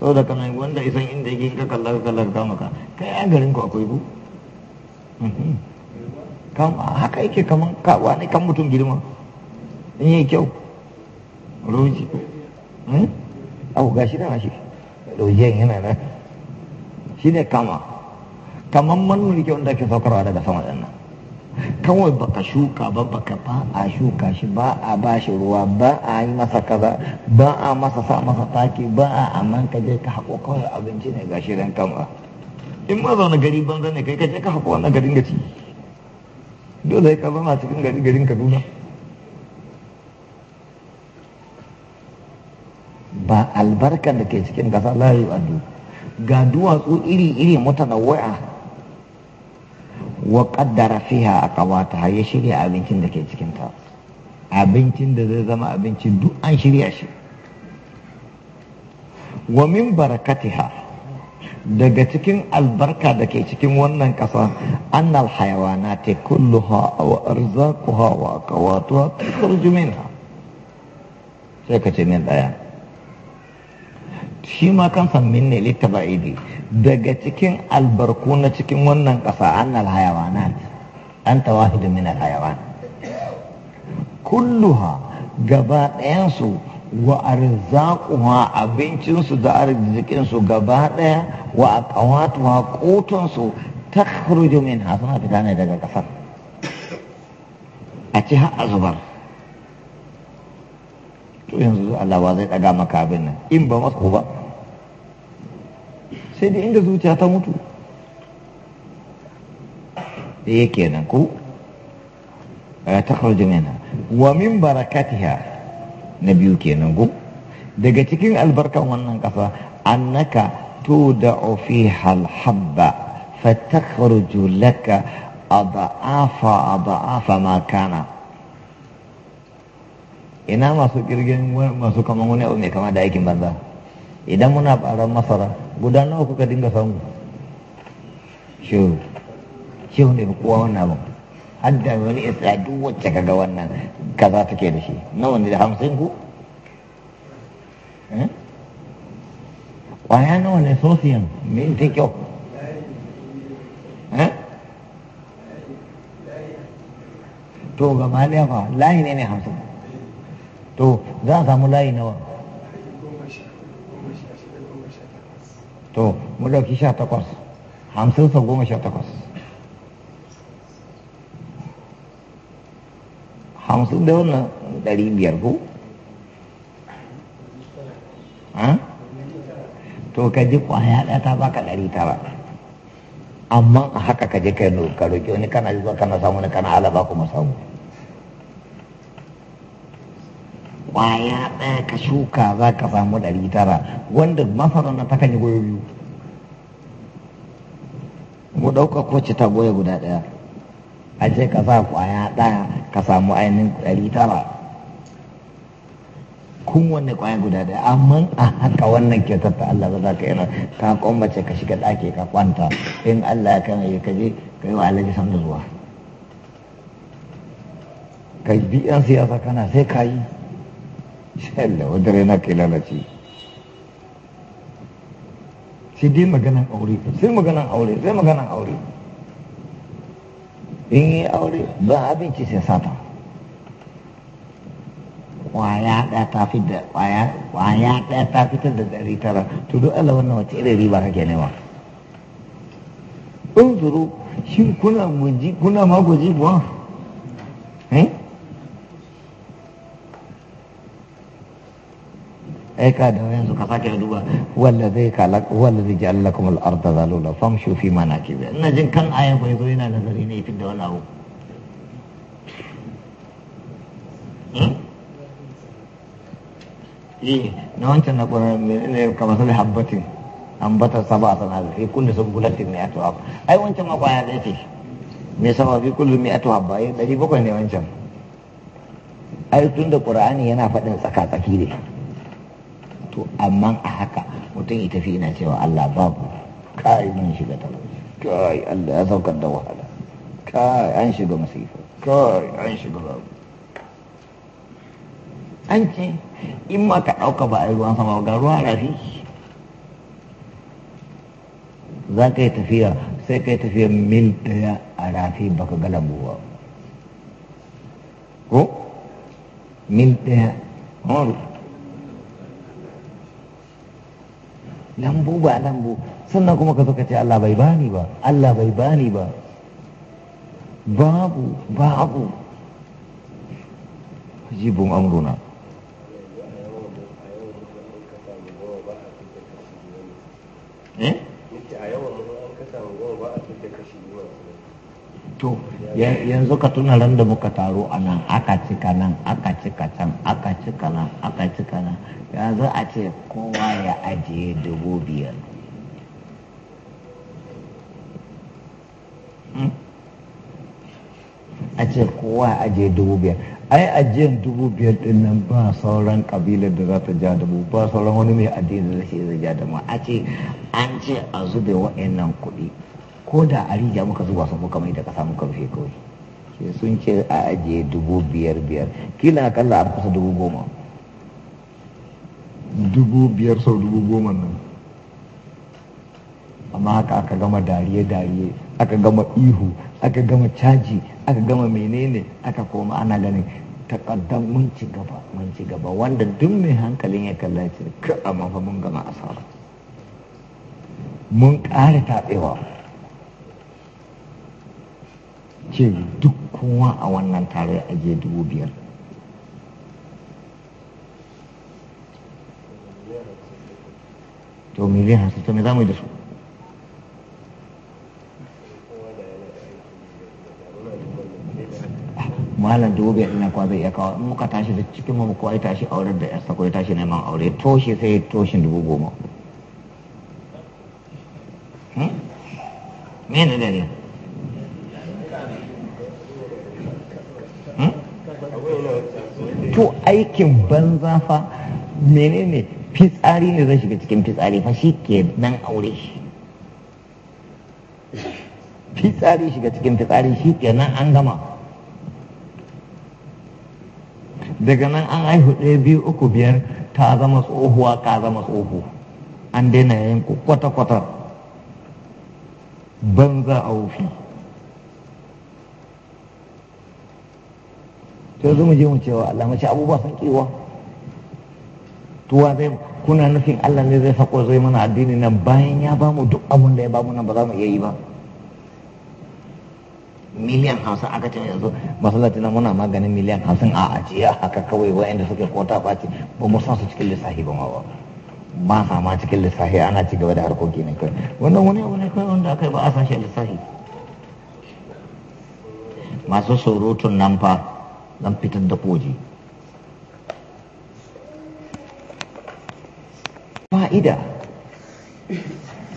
sau da kanai wanda isan inda yake ka kallar kallar kama ka kai a garin ku akwai ku mhm. kama haka yake kaman kawa ne kan mutum girma in yi kyau roji abu shi da hmm? shi rojiyan yana nan shi ne kama kamar manurki wanda ke saukarwa daga sama da nan kawai baka shuka ba baka ba a shuka shi ba a ba shi ruwa ba a yi masa kaza ba a masa sa masa taki ba a amman ka je ka haƙo kawai abinci ne gashi dan kama in ma zaune gari banza ne kai ka je ka haƙo wannan garin gaci dole ka zama cikin gari garin kaduna ba albarkar da ke cikin ƙasa layu addu ga duwatsu iri-iri waya. wa kaddara fiha aqwataha ya shirya abincin da ke cikin abincin da zai zama abincin duk an shirya shi wa min barakatiha daga cikin albarka da ke cikin wannan ƙasa annal hayawana ta kulluha wa arzaquha wa qawatuha tukhruju ha. sai ka ce min ɗaya shi ma kansa minne littaba'idi daga cikin albarku na cikin wannan ƙasa an alhayawanat an tawahidu min alhayawan kulluha gaba ɗayansu wa arzaquha abincinsu da arzikinsu gaba ɗaya wa aqawatuha qutunsu takhruju min hasana fita ne daga kasar a ci har azubar to yanzu Allah ba zai daga maka abin nan in ba masu ba sai da inda zuciya ta mutu da yake nan ku ta kawo wa min barakatiha na biyu kenan ku daga cikin albarkan wannan kasa annaka tuda'u fiha alhabba fatakhruju laka adafa adafa ma kana ina masu kirgin masu kamar wani abu mai kama da aikin banza idan muna ɓaron masara guda nawa kuka dinga samu shehu shehu ne kowa wannan abin Hadda da wani isa duk wacce kaga wannan kaza take da shi nawa ne da hamsin ku kwaya eh? nawa ne sosiyan me eh? ta kyau to gaba ne fa layi ne ne hamsin to za a samu layi nawa to mu dauki sha takwas hamsin sau goma sha takwas hamsin da wannan ɗari biyar ko to ka ji kwaya da ta baka ɗari tara amma a haka ka je kai ka roƙi wani kana zuwa kana samu wani kana alaba kuma samu kwaya ɗaya ka shuka za ka samu ɗari tara wanda masarar na takan yi goyo biyu mu ɗauka kowace ta goya guda ɗaya a ce ka sa kwaya ɗaya ka samu ainihin ɗari tara kun wanne kwaya guda ɗaya amma a haka wannan kyautar ta Allah za ka yana ka kwambace ka shiga ɗaki ka kwanta in Allah ya kana ya kaje ka yi wa alaji zuwa ka bi 'yan siyasa kana sai ka yi shalla wadda na kai lalace sai dai maganan aure sai maganan aure sai maganan aure in yi aure ba abinci sai sata kwaya ɗaya ta fi da kwaya ɗaya ta fitar da ɗari tara to duk Allah wannan wace irin riba kake nema in zuru shi kuna guji kuna ma buwa kuwa eh aika da wayan su ka sake duba wanda zai kalak wanda zai ja'al lakum al-ard zalula famshu fi manakibi ina jin kan ayan bai bai na nazari ne fitta wani abu eh na wancan na ƙwarar ne kamar su habbatin ambatar saba a sanar fi kulli sumbulatin ne ato habba ai wancan ma kwaya ɗaya ce me saba fi kulli me ato habba ai ɗari bakwai ne wancan ai tun da ƙur'ani yana faɗin tsaka-tsaki ne to amma a haka mutum ya tafi ina cewa Allah babu kai mun shiga talauci kai Allah ya saukar da wahala kai an shiga masifa kai an shiga babu an ce in ma ka ɗauka ba a yi ruwan sama ga ruwa rafi za ka yi tafiya sai ka yi tafiya mil ɗaya a rafi baka ga lambu ba ko mil ɗaya lambu ba lambu sannan kuma ka zo ka ce Allah bai bani ba Allah bai bani ba babu babu jibun amruna to yanzu ka tuna ran da muka taro a nan aka cika nan aka cika can aka cika nan aka cika nan yanzu a ce kowa ya ajiye dubu biyar hmm? a ce kowa ajiye dubu biyar ai ajiyar dubu biyar din nan ba sauran kabilar da za ta ja da mu ba sauran wani mai addini da zai ja da mu a ce an ce a zube wa'annan kuɗi ko da a rija muka zuba sun muka mai da kasa muka rufe kawai sun ce a ajiye dubu biyar biyar kila akalla a kusa dubu goma dubu biyar sau dubu goma nan amma haka aka gama dariye-dariye aka gama ihu aka gama caji aka gama menene aka koma ana ganin takaddan mun ci gaba mun ci gaba wanda duk mai hankalin ya kalla ce ka amma fa mun gama asara mun ƙara taɓewa ce duk kowa a wannan tare a je dubu biyar to miliyan hasu ta me za yi da su malam dubu biyar ina kwa zai iya kawo in muka tashi da cikin mu ko ai tashi aure da yarsa ko ya tashi neman aure toshe sai ya toshe dubu goma hmm? mene da ne to aikin banza fa menene fitsari ne zai shiga cikin fitsari fa shi ke nan aure shi fitsari shiga cikin fitsari shi ke nan an gama daga nan an haihu ɗaya biyu uku biyar ta zama tsohuwa ka zama tsoho an daina yayin kwata-kwata banza a wufi to yanzu mu je mu cewa Allah mace abubuwa sun kewa tuwa zai kuna nufin Allah ne zai sako zai mana addini nan bayan ya ba mu duk abun da ya ba mu nan ba za mu iya yi ba miliyan hamsin aka ce yanzu masallaci na muna maganin miliyan hamsin a ajiya haka kawai wa'anda suke kota face ba mu san su cikin lissafi ba ma ba ba sa ma cikin lissafi ana ci gaba da harkoki ne kai wannan wani abu ne kai wanda aka yi ba a san shi lissafi masu surutun nan fa dan fitar da koji fa'ida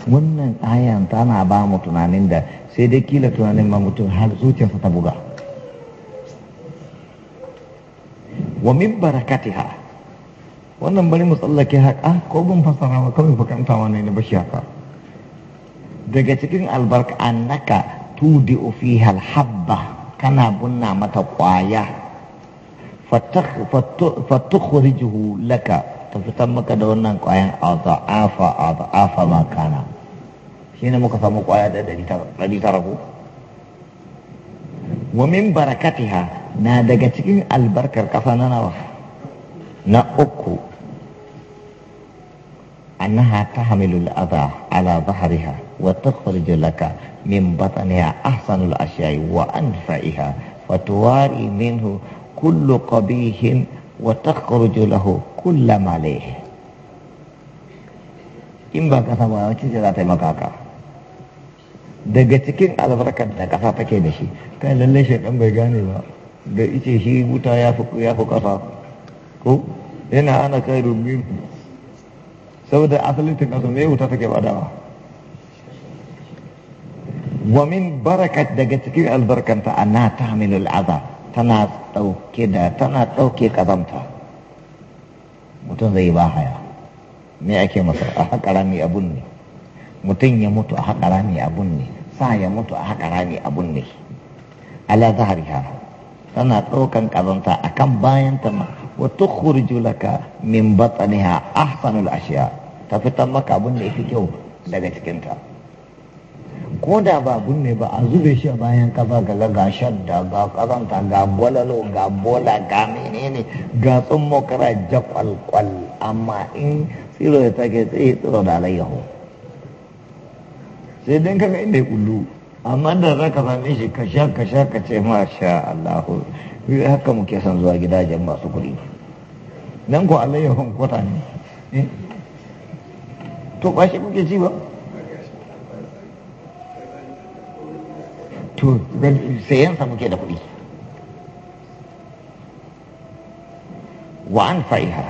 wannan ayan tana ba mu tunanin da sai dai kila tunanin ma mutum har zuciyarsa ta buga wa min barakatiha wannan bari mu tsallake haƙa ko ban fasara ba kawai bakanta wannan ne bashi haka daga cikin albarka annaka tudi fiha habba kana bunna mata kwaya fatukhrijuhu laka ta maka da wannan kwayan afa afa ma kana ne muka samu kwaya da ɗari tara ko wa min barakatiha na daga cikin albarkar kasa na nawa na uku annaha tahmilu al-adha ala dhahriha wa tukhriju laka min batniha ahsanul ashyai wa anfa'iha fatuwari tuwari minhu كل قبيح وتخرج له كل مليح in ba ka ba wacce ce za ta yi makaka daga cikin albarkar da kasa take da shi kai lalle shaidan bai gane ba da ice shi wuta ya fi kasa ko yana ana kai rumin saboda asalin ta kasa mai wuta take badawa wa min barakat daga cikin albarkanta ta tahmilu al'azab tana ɗauke da tana ɗauke ƙazamta mutum zai ba haya me ake masa a haƙa rami abun ne mutum ya mutu a haƙa rami abun ne sa ya mutu a haƙa rami abun ne ala ha tana ɗaukan ƙazamta a kan ta ma wa tukhruju laka min a ahsanul ashiya ta fitar maka abun da yafi kyau daga cikinta ko da ba gunne ba a zube shi a bayan kafa ga ga shadda ga karanta ga bolalo ga bola ga menene ga tsummo kara jakwalkwal amma in tsiro ya take tsaye tsiro da alayyahu sai dan kaga inda ya kullu amma da za ka same shi ka sha ka sha ka ce masha Allahu haka muke son zuwa gidajen masu kuɗi nan ko alayyahun kwata ne eh. to ba shi muke ci ba to sayansa muke da kuɗi wa an fa'iha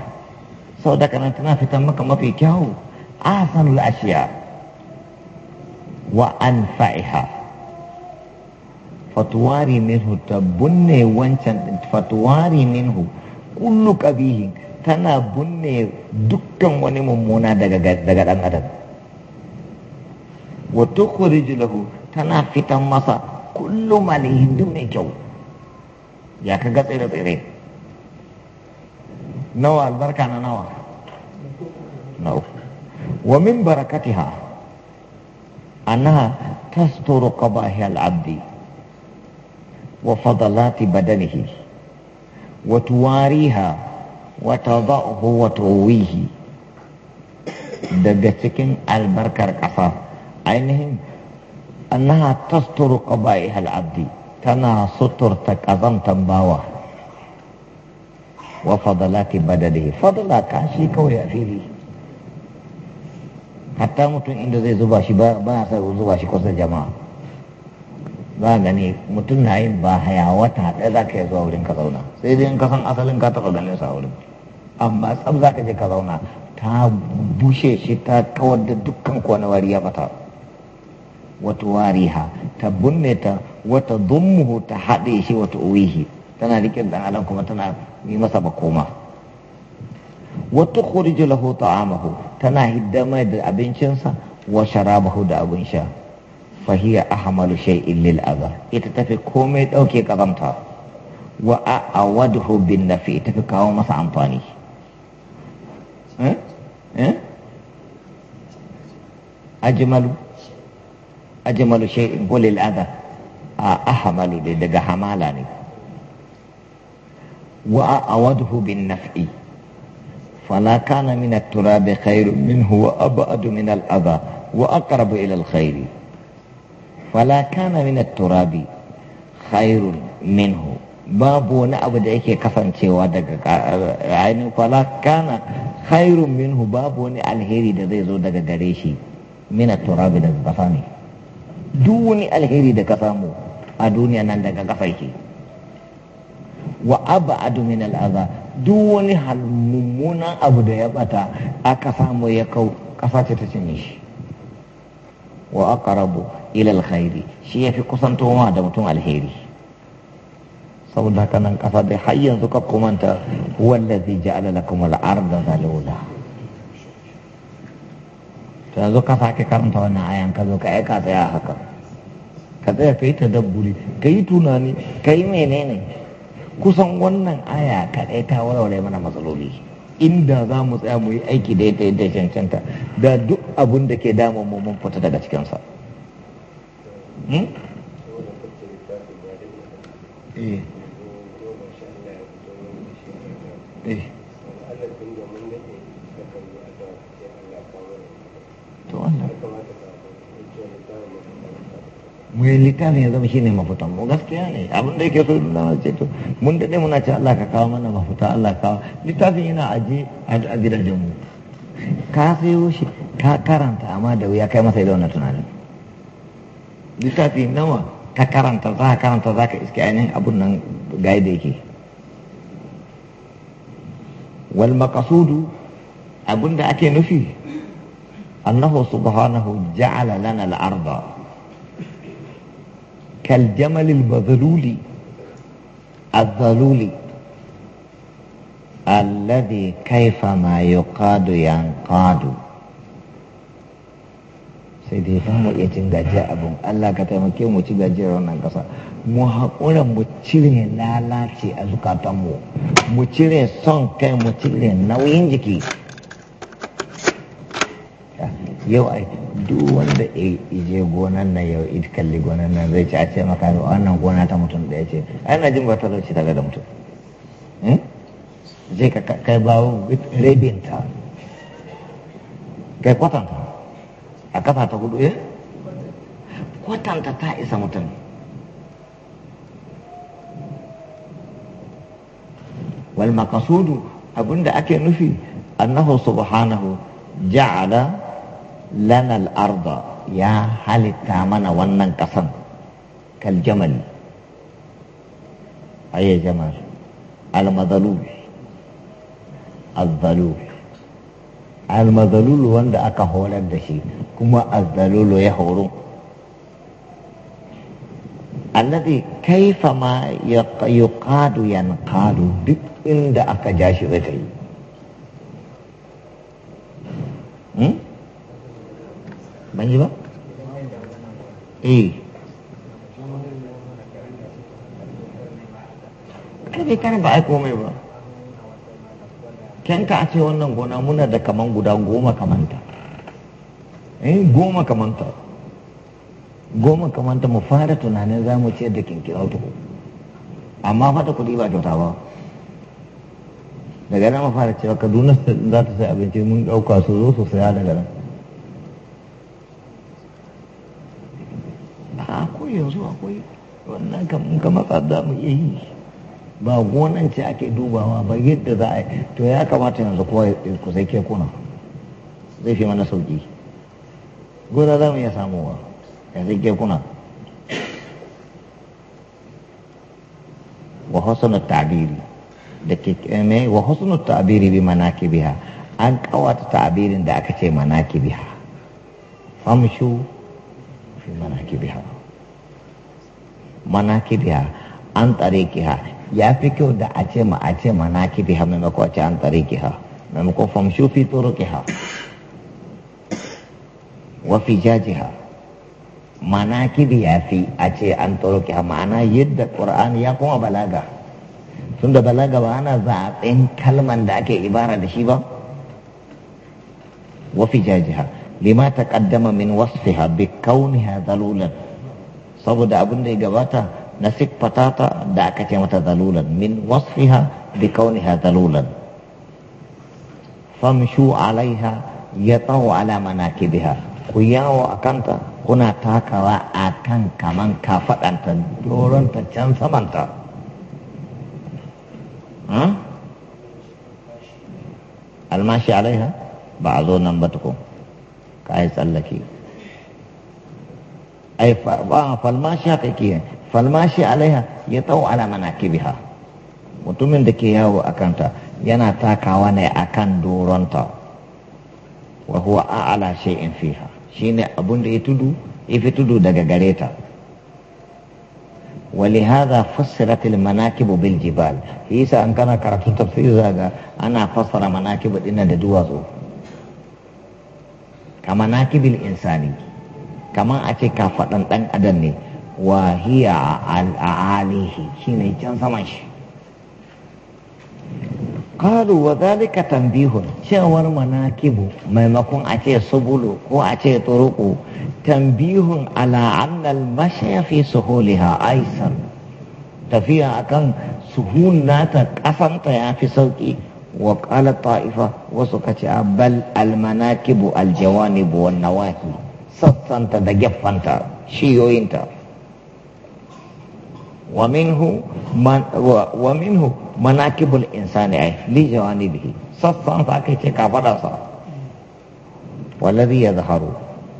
sau da kanan tana fitan maka mafi kyau asanul ashiya wa an fa'iha fatuwari minhu ta bunne wancan fatuwari minhu kullu kabihin tana bunne dukkan wani mummuna daga ɗan adam wa tukhrijul lahu tana fitan masa kullum malihin duk mai kyau ya ka ga tsere-tsere nawa albarka na nawa na wa min barakatiha annaha tasturu qabahi al-abdi wa fadalati badanihi wa tuwariha wa tadahu wa tuwihi daga cikin albarkar ƙasa ainihin أنها تستر قبائح العبد تنا ستر تكظم تنباوة وفضلات بدنه فضلا كاشي كوي أفيري حتى متن إن ذي زباشي با با زباشي كوسا جماعة ba gani mutum na yin ba wata ɗaya za ka yi zuwa wurin ka sai dai in ka san asalin ka taɓa ganin sa wurin amma tsab za ka je ka zauna ta bushe shi ta kawar da dukkan kwanawar ya bata wata wariha ta bunne ta wata dummuhu ta haɗe shi wata uwihi tana riƙe da adam kuma tana yi masa bakoma wata khuriju lahu ta'amahu tana hiddama da abincinsa wa sharabahu da abin sha fahiya ahmalu shay'in lil adha ita tafi komai dauke kazanta wa a'awadhu bin nafi tafi kawo masa amfani eh eh ajmalu أجمل شيء قل الأذى آه، أحمل لدغ حمالاني وأعوده بالنفع فلا كان من التراب خير منه وأبعد من الأذى وأقرب إلى الخير فلا كان من التراب خير منه بابو نعبد إيكي كفن سيوادك يعني فلا كان خير منه بابو نعبد إيكي كفن سيوادك من التراب دفاني duk wani alheri da ka samu a duniya nan daga kafa yake wa a min al'aza duk wani mummunan abu da ya bata aka samu ya kau kafa ce ta cinye shi wa rabu ila alkhairi shi yafi kusanto ma da mutum alheri saboda haka kasa dai har yanzu ka kumanta wallazi zai ji al-arda yanzu ka sake karanta a ayan ka zo ka aika tsaya haka ka tsaya ka yi dabburi ka yi tunani ka yi menene kusan wannan aya kaɗai ta warware mana matsaloli inda za mu tsaya mu yi aiki da ita yadda cancanta da duk abin da ke damun mu mun fita daga cikinsa hmm? eh eh wai littafin ya zama shine mafutan mu gaskiya ne abin da yake so da ce to mun dade muna ce Allah ka kawo mana mafuta Allah kawo littafin yana aje a gidajen mu ka sayo shi ka karanta amma da wuya kai masa da wannan tunanin littafi nawa ka karanta za ka karanta za ka iske ainihin abun nan gai yake wal makasudu abun ake nufi annahu subhanahu ja'ala lana al كالجمل البذلولي الظلولي الذي كيفما يقاد ينقاد sai dai ba mu iya cin gajiya abin Allah ka taimake mu ci gajiyar wannan ƙasa mu haƙura mu cire lalace a zukatanmu mu cire son kai mu cire nauyin jiki yau ai duk wanda ije gonan nan yau id kalli gonan nan zai ci a ce maka wannan gona ta mutum ɗaya ce ai na jin ba ta zauce tare da mutum hmm? zai ka kai bawo ta kai kwatanta a kafa ta hudu eh kwatanta ta isa mutum wal makasudu abinda ake nufi annahu subhanahu ja'ala lanal arda ya halitta mana wannan ƙasan kal jamal ayya jamal almadalul azzalul almadalul wanda aka horar da shi kuma azzalulu ya horo alladhi kaifa ma ya yan kadu duk inda aka ja shi zai yi ban yi ba eh kai bai karanta ai komai ba kyan ka a ce wannan gona muna da kaman guda goma kamanta eh goma kamanta goma kamanta mu fara tunanin za mu ce da kinkirau tuku amma fata kuɗi ba kyauta ba daga nan mu fara cewa kaduna za ta sai abinci mun ɗauka su zo su saya daga nan yanzu akwai wannan kamun kama za mu iya yi ba gonan ce ake dubawa ba yadda za a yi to ya kamata yanzu kowa ku sai ke kuna zai fi mana sauki gona za mu iya samuwa yanzu ke kuna wa hasanu ta'biri da ke eh, me wa hasanu ta'biri bi manakibiha an kawata ta'birin da aka ce manakibiha famshu fi manakibiha manakibiha an tariqiha ya fi kyau da a ce ma a ce manakibiha maimako a ce an tariqiha maimako famshu fi turuqiha wa fi jajiha manakibi ya fi a ce an turuqiha ma'ana yadda qur'ani ya kuma balaga tunda balaga ba ana zaɓen kalman da ake ibara da shi ba wa fi jajiha lima taqaddama min wasfiha bi kauniha dalulan saboda abin da ya gabata na siffata ta da aka ce mata zalulan min wasfiha bi kauniha zalulan famshu alaiha ya tsawo ala manakibiha ku yawo a kanta kuna takawa a kan kaman doron ta can samanta hmm? almashi alaiha ba a zo nan ba tukun ka yi tsallake أي فالماشي كي فالماشي عليها يطو على مناكبها mutumin da ke yawo a kanta yana takawa ne a kan doronta wa huwa a'ala shay'in fiha shine abun da ya tudu ya fi tudu daga gare ta ولهذا فسرت المناكب بالجبال يسا ان كان قرات التفسير ذاك انا فسر مناكب دين دوازو كمناكب الانساني kamar a ce kafaɗan ɗan adam ne wa hiya al'alihi shi ne can saman shi ƙalu wa zalika tambihun cewar manakibu maimakon a ce subulu ko a ce turuku tambihun ala annal mashaya fi suhuliha aisan tafiya akan suhun nata kasanta ya fi sauki wa ƙala ta'ifa wasu kace bal al manakibu al jawanibu sassanta da gyaffanta shiyoyinta wa minhu man wa minhu manakibul insani ay li jawanibihi saffan fa kai ce ka fada sa wallazi yadhharu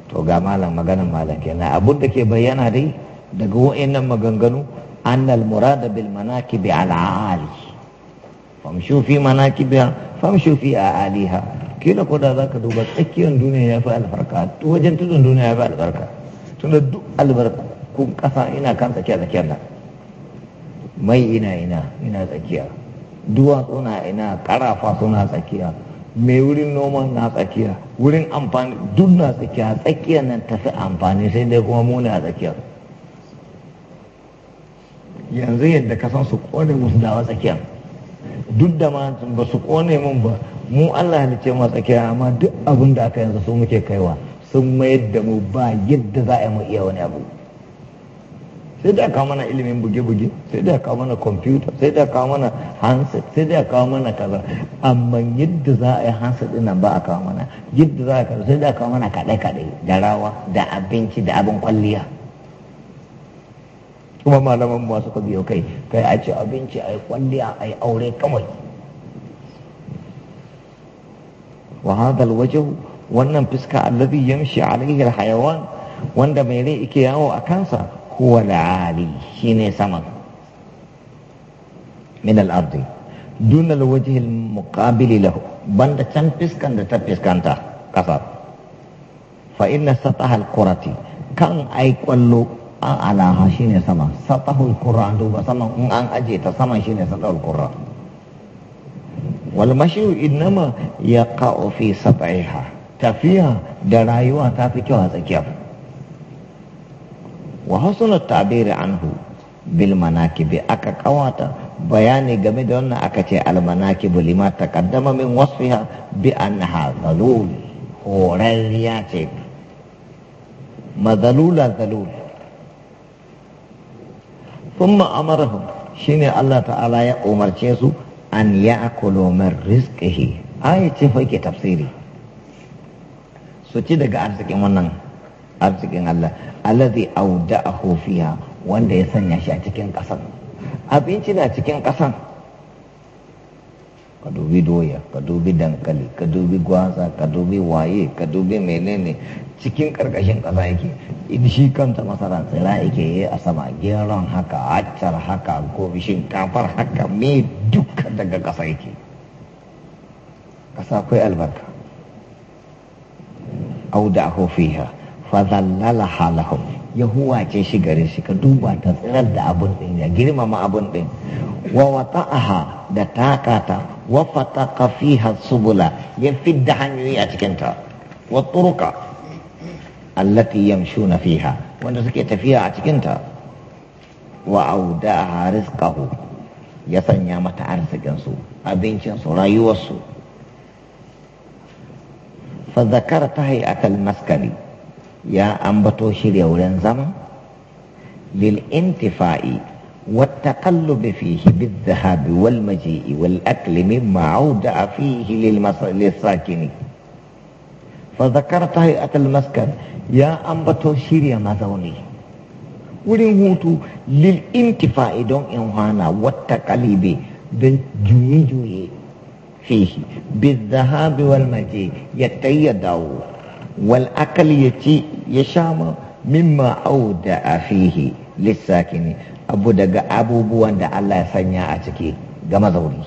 to ga malam maganan malam kenan abun da ke bayyana dai daga wa'annan maganganu annal murada bil manakibi ala aliha kila ko da za ka duba tsakiyar duniya ya fi albarka wajen tudun duniya ya fi albarka tunda duk albarka kun kasa ina kan tsakiya tsakiyar nan mai ina ina ina tsakiya duwatsu na ina karafa suna tsakiya mai wurin noman na tsakiya wurin amfani duk na tsakiya tsakiyar nan ta fi amfani sai dai kuma mu a tsakiyar yanzu yadda ka san su kone musu dawa tsakiyar duk da ma ba su kone mun ba mu Allah ya ce mu tsakiya amma duk abin da aka yanzu su muke kaiwa sun mayar da mu ba yadda za a yi mu iya wani abu sai da kawo mana ilimin buge-buge sai da kawo mana kwamfuta sai da kawo mana handset sai da kawo mana kaza amma yadda za a yi handset din nan ba a kawo mana yadda za a kaza sai da kawo mana kaɗai-kaɗai da rawa da abinci da abin kwalliya kuma malaman masu kwabiyo kai kai a ce abinci a yi kwalliya a yi aure kawai wa waje wannan fuska alladhi yamshi alayhi alhayawan wanda mai rai yake yawo a kansa huwa alali shine sama min al-ardi dun alwajh almuqabil lahu banda can fiskan da ta fiskanta kasa fa inna sataha alqurati kan ai kwallo an alaha shine sama al qur'an duba sama in an aje ta sama shine al qur'an walmashiru innama ya fi sab'iha tafiya da rayuwa ta fi kyau a tsakiya wa hasuna tabiri anhu bil manakibi aka kawata bayani game da wannan aka ce al manakibu lima taqaddama min wasfiha bi annaha zalul ya ce mazalula zalul thumma amarahum shine Allah ta'ala ya umarce su an ya'kulu min a ayace ce fake tafsiri su ci daga arzikin wannan arzikin Allah alladhi a fiha wanda ya sanya shi a cikin kasan abinci na cikin ƙasan. ka dubi doya ka dubi dankali ka dubi gwaza ka dubi waye ka dubi menene cikin karkashin kasa yake in shi kanta masara tsira yake yi a sama geron haka accar haka ko shinkafar haka me duka daga ƙasa yake ƙasa akwai albarka auda ko fiha fadallala halahu ya huwace shi gare shi ka duba ta tsirar da abun din ya girmama abun din wa wata'aha da takata wa fataka fiha subula ya fidda hanyoyi a cikinta wa turuka allati yamshuna fiha wanda suke tafiya a cikinta wa audaha rizqahu ya sanya mata arzikinsu abincinsu rayuwarsu fa zakara ta hay'atal maskali. ya ambato shirya wurin zama lil intifa'i والتقلب فيه بالذهاب والمجيء والأكل مما عود فيه للساكن fa ta hay'atul maskan ya ambato shirya mazauni wurin hutu lil intifa don in hana wata kalibe don juye-juye fihi bizahabi wal maje ya tayya dawo wal akal ya ci ya ma mimma da a fihi lissaki ne abu daga abubuwan da Allah ya sanya a ciki ga mazauni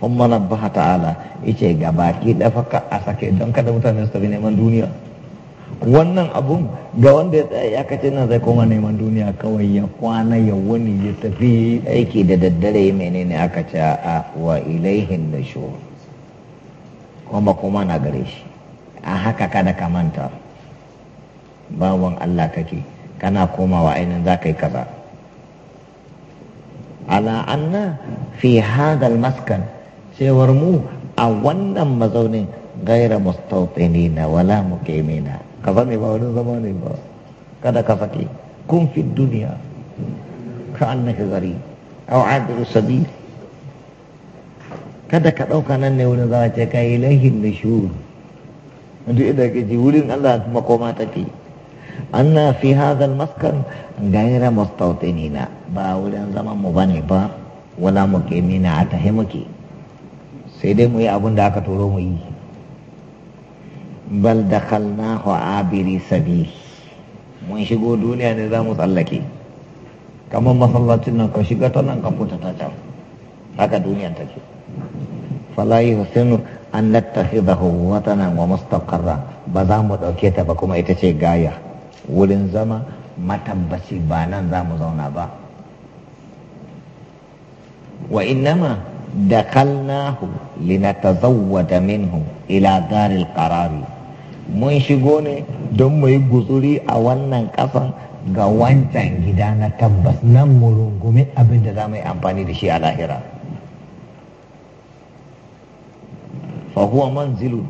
umma rabbaha ta'ala yace ga baki faka a sake don kada mutane su tafi neman duniya wannan abun ga wanda ya tsaya ya kace nan zai koma neman duniya kawai ya kwana ya wani ya tafi aiki da daddare menene aka ce a wa ilaihin nushur kuma kuma na gare shi a haka kada ka manta bawan Allah kake kana komawa ainihin za ka yi kaza ala anna fi hadal maskan cewar mu a wannan mazaunin gaira na wala muqimina ka sani ba wani zama ne ba kada ka sake kun fi duniya ka annaka gari a adiru sabi kada ka dauka nan ne wurin zama ce kai ilahin nushur duk inda ke ji wurin Allah makoma take anna fi hadha al-maskan gaira mustautinina ba wurin zaman mu bane ba wala muqimina a tahimuki sai dai mu yi abin da aka turo mu yi bal da kalnahu abiri sabi mun shigo duniya ne za mu tsallake kamar masallacin nan ka shiga ta nan ka fita ta can haka duniya ta ce falayi husinu an lattafi da watanan wa mustakarra ba za mu ɗauke ta ba kuma ita ce gaya wurin zama matambaci ba nan za mu zauna ba wa innama دخلناه لنتزود minhu ila دار karari. mun shigo ne don mu yi guzuri a wannan kafan ga wancan gida na tabbas nan mu rungumi abinda da za mu yi amfani da shi a lahira fahuwa manzilu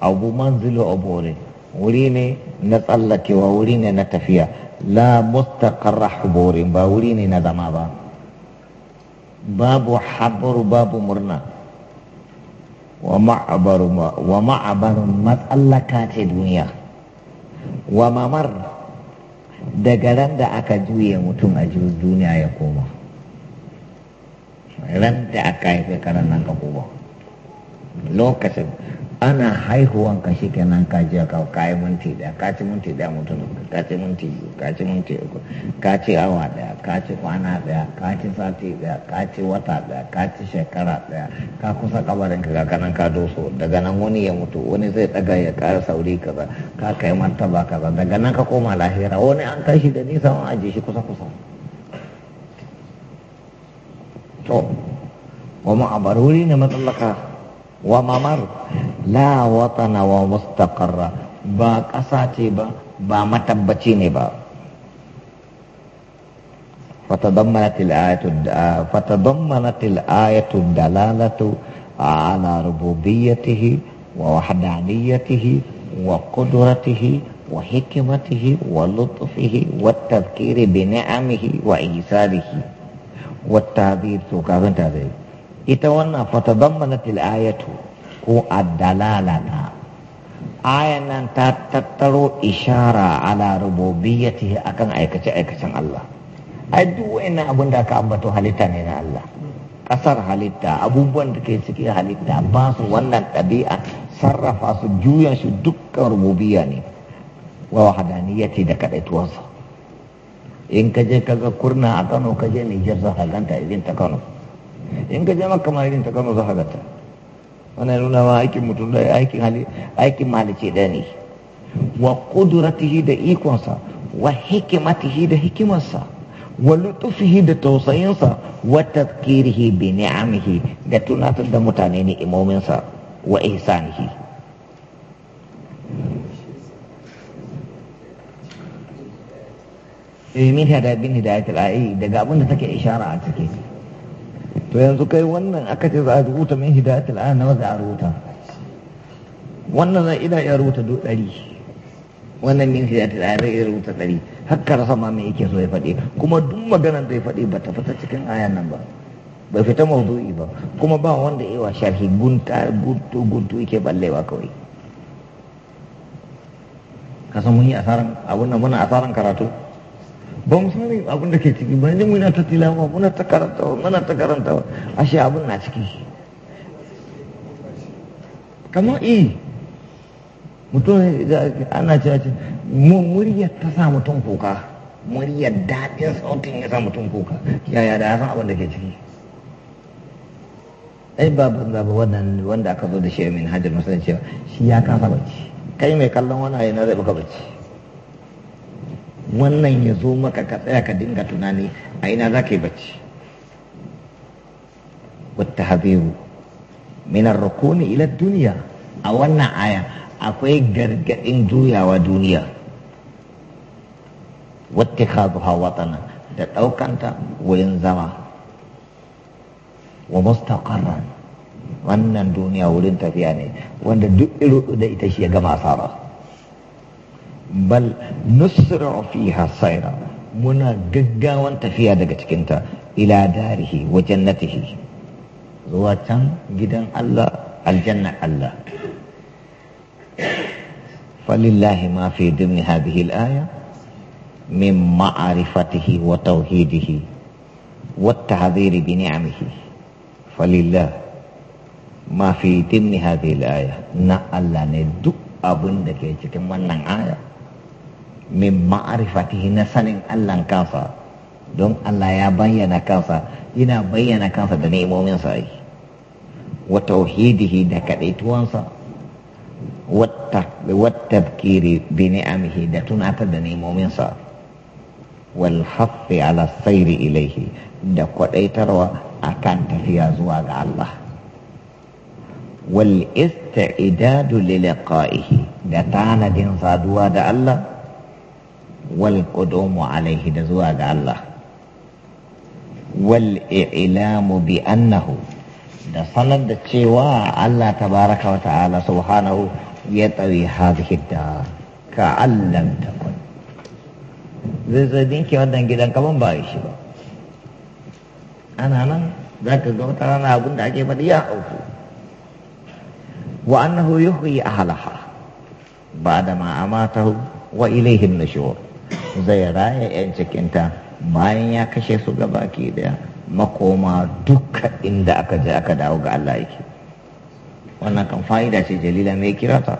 abu manzilu abore wuri ne na tsallakewa wuri ne na tafiya la mustaqarra huborin ba wuri ne na zama ba babu habaru babu murna wa ma'abarun matsallaka ce duniya wa mamar daga ran da aka juye mutum a duniya ya koma ran da aka haifi karan nan ka koma lokacin ana haihuwan ka shi kenan ka je ka kayi minti daya ka ci minti daya mutum ka ci minti ka ci minti uku ka ci awa daya ka ci kwana daya ka ci sati daya ka ci wata daya ka ci shekara daya ka kusa kabarin ka nan ka doso daga nan wani ya mutu wani zai daga ya kara sauri kaza ka kai martaba kaza daga nan ka koma lahira wani an kai shi da nisa an aje shi kusa kusa to kuma a barori ne matsalaka وممر لا وطن ومستقر با ƙasa با با ba matabbaci فتضمنت الآية فتضمنت الآية الدلالة على ربوبيته ووحدانيته وقدرته وحكمته ولطفه والتذكير بنعمه وإيساره والتهذيب سوكا من تهذيب ita wannan mana ayatu ko addalalata ayan nan ta tattaro ishara ala rububiyyati akan aikace aikacen Allah ai duk wannan abin da aka ambato halitta ne na Allah kasar halitta abubuwan da ke cikin halitta ba su wannan ɗabi'a sarrafa su juya su dukkan rububiyya ne wa wahadaniyyati da kadaituwarsa in ka je kaga kurna a Kano ka je Niger za ka ganta irin ta Kano in ka je maka ma irin ta kano za ka gata wannan nuna ma aikin mutum da aikin hali aikin malice da ne wa kudratihi da ikonsa wa hikimatihi da hikimarsa wa lutufihi da tausayinsa wa tazkirihi bi ni'amihi da tunatar da mutane ne imominsa wa ihsanihi min hada bin hidayatul ayi daga abin da take ishara a cikin to yanzu kai wannan aka ce za a rubuta min hidayatul an na za a rubuta wannan zai ina iya rubuta duk ɗari wannan min hidayatul an zai iya rubuta ɗari hakka rasa ma me yake so ya faɗi kuma duk maganar da ya faɗi ba ta fita cikin ayan nan ba bai fita mawdu'i ba kuma ba wanda yawa sharhi gunta guntu guntu yake ballewa kawai kasan mun yi asaran abun nan muna asaran karatu ba mu san ke ciki ba ne muna ta tilawa muna ta karantawa muna ta a shi abin na ciki kamar i mutum da ana cewa ce muryar ta sa kuka muryar daɗin sautin ya sa mutum kuka yaya da ya san ke ciki ai ba wannan wanda aka zo da shi min hajjar masallaci shi ya kafa bacci kai mai kallon wani na zai baka bacci wannan ya zo maka ka tsaya ka dinga tunani a ina za ka yi bacci wata habibu minar rukuni ila duniya a wannan aya akwai gargaɗin juyawa duniya wata hawa tana da ɗaukanta wurin zama wa mustaqarran wannan duniya wurin tafiya ne wanda duk iru da ita shi ya gama asara. bal nusra fiha muna gaggawan tafiya daga cikinta ila darihi wa jannatihi zuwa can gidan Allah aljanna Allah falillahi ma fi dimni hadhihi al-aya min ma'rifatihi wa tauhidihi wa at-tahdhir bi ni'amihi falillah ma fi dimni hadhihi al-aya na Allah ne duk abin da ke cikin wannan aya min ma'arifatihi na sanin Allahn kansa don Allah ya bayyana kansa yana bayyana kansa da ni'imomin yi wa tauhidihi da kadaituwansa wa tafkiri bi ni'amihi da tunatar da ni'imomin sa wal hafi ala sairi ilaihi da kwadaitarwa akan tafiya zuwa ga Allah wal istidadu li liqa'ihi da tanadin saduwa da Allah wal qudumu alaihi da zuwa ga Allah wal i'lamu bi annahu da sanar da cewa Allah ta baraka wa ta'ala subhanahu ya tsawi hadhihi da ka allam takun zazzabin ke wannan gidan kaman ba shi ba ana nan za ka ga wata rana abin da ake faɗi ya auku wa annahu yuhyi ahlaha ba'da ma amatahu wa ilayhi an-nushur zai raya 'yan cikinta bayan ya kashe su gaba ke daya makoma duka inda aka je aka dawo ga Allah yake wannan kan fa'ida ce jalila mai kira ta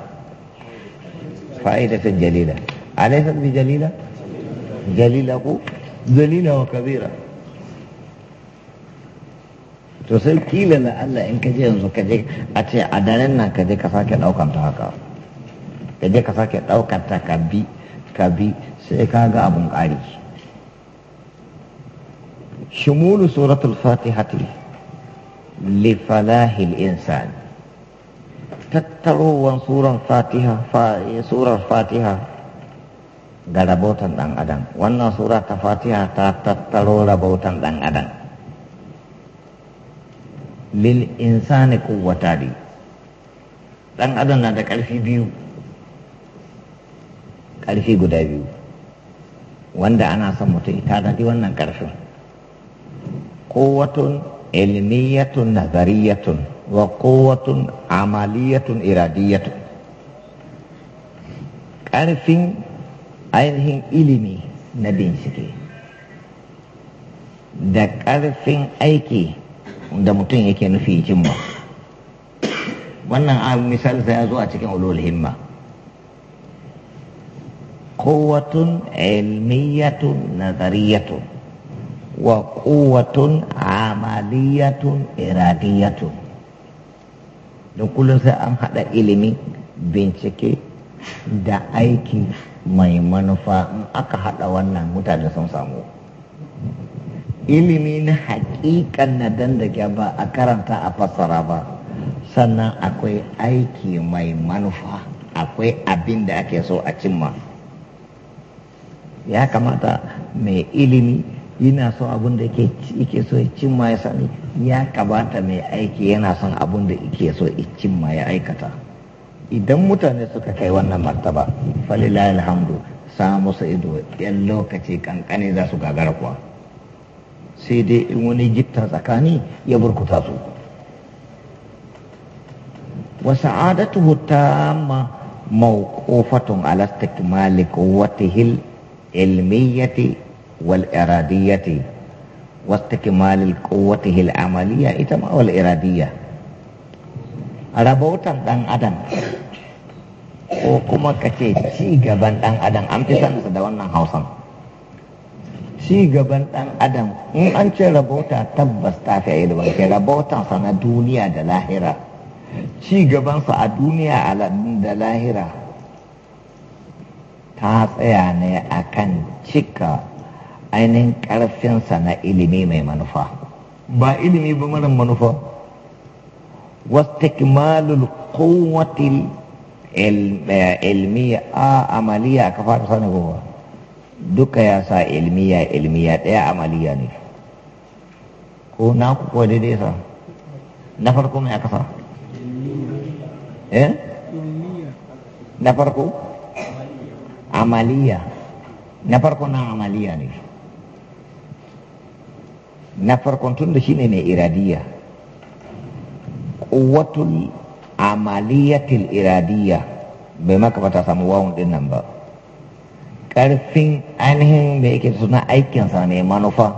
fa'ida ce jalila alaisa bi jalila jalila ko jalila wa kabira to sai kila na Allah in ka je yanzu kaje a ce a daren nan kaje ka sake daukan ta haka kaje ka sake daukan ta ka bi ka bi sai ka ga abun ƙari shimulu suratul fatihati li falahil insan suran fatiha surar fatiha ga rabotan dan adam wannan sura ta fatiha ta tattaro rabotan dan adam lil insani kuwata dan adam na da ƙarfi biyu karfi guda biyu wanda ana son mutum ta daɗi wannan ƙarfin kowatun ilmiyatun nazariyatun wa kowatun amaliyatun iradiyatun ƙarfin ainihin ilimi na bincike da ƙarfin aiki da mutum yake nufi jimma wannan misali sai ya zo a cikin ulul himma قوة علمية wa وقوة عملية إرادية don kullum sai an haɗa ilimi bincike da aiki mai manufa in aka haɗa wannan mutane sun samu ilimi na haƙiƙan na dandake ba a karanta a fassara ba sannan akwai aiki mai manufa akwai abin da ake so a cimma ya kamata mai ilimi yana son abin da yake so ya cimma ya sani ya kamata mai aiki yana son abin da yake so ya cimma ya aikata idan mutane suka kai wannan martaba falilai alhamdu sa ido yan lokaci kankane za su gagara kuwa sai dai in wani gitta tsakani ya burkuta su wa sa'adatuhu tamma mawqufatun ala istikmali quwwatihi ilmiyyati wal iradiyyati wastakmalil quwwatihi amaliya, ita ma wal iradiyya rabautan dan adam ko oh, kuma ka ce ci gaban dan adam an fi sanin da wannan hausan ci gaban dan adam in an ce rabauta tabbas ta fi ilmin ke rabautan sa na duniya da lahira ci gabansa a duniya da lahira ta tsaya ne akan cika ainihin ƙarfinsa na ilimi mai manufa ba ilimi ba mara manufa wastakmalul kowatil ilmiya a amaliya ka fara sani gowa duka ya sa ilmiya ilmiya ɗaya amaliya ne ko na ku ko daidai sa na farko mai aka sa eh na farko amaliya na farko na amaliya ne na farkon tun da shine ne iradiya kuwatul amaliyatil iradiya bai maka ta samu wawan din nan ba ƙarfin ainihin da yake suna aikinsa ne manufa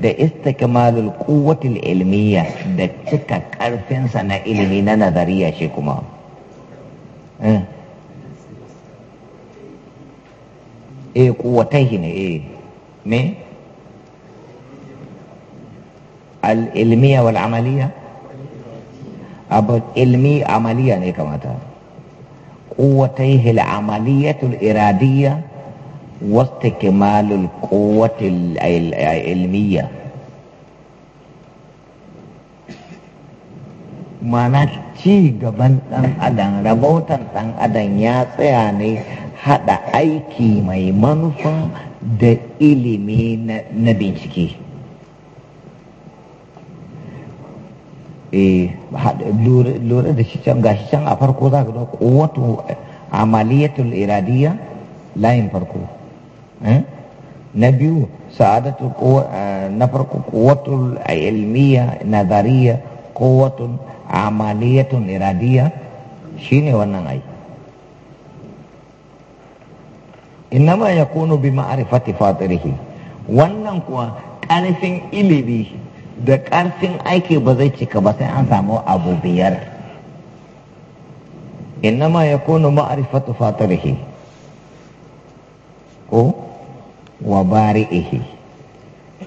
da istikmalul kuwatul ilmiya da cika ƙarfinsa na ilimi na nazariya shi kuma eh. E kuwatai ne eh me al-ilmiya wal amaliya abu ilmi amaliya ne kamata kuwatai hil amaliyatul iradiyya واستكمال القوة ilmiya, mana ci gaban ɗan adam rabautan ɗan adam ya tsaya ne haɗa aiki mai manufa da ilimi na bincike eh, lura da shi can gashi can a farko za ka dauko wato amaliyatul iradiya layin farko eh? na biyu sa'adatu eh, na farko kuwatul ilmiya nazariya kuwatul amaliyatun iradiya shine wannan aiki innama yakunu bi ma'rifati fatirihi wannan kuwa ƙarfin ilimi da ƙarfin aiki ba zai cika ba sai an samu abu biyar innama yakunu ma'rifatu fatirihi ko wa bari'ihi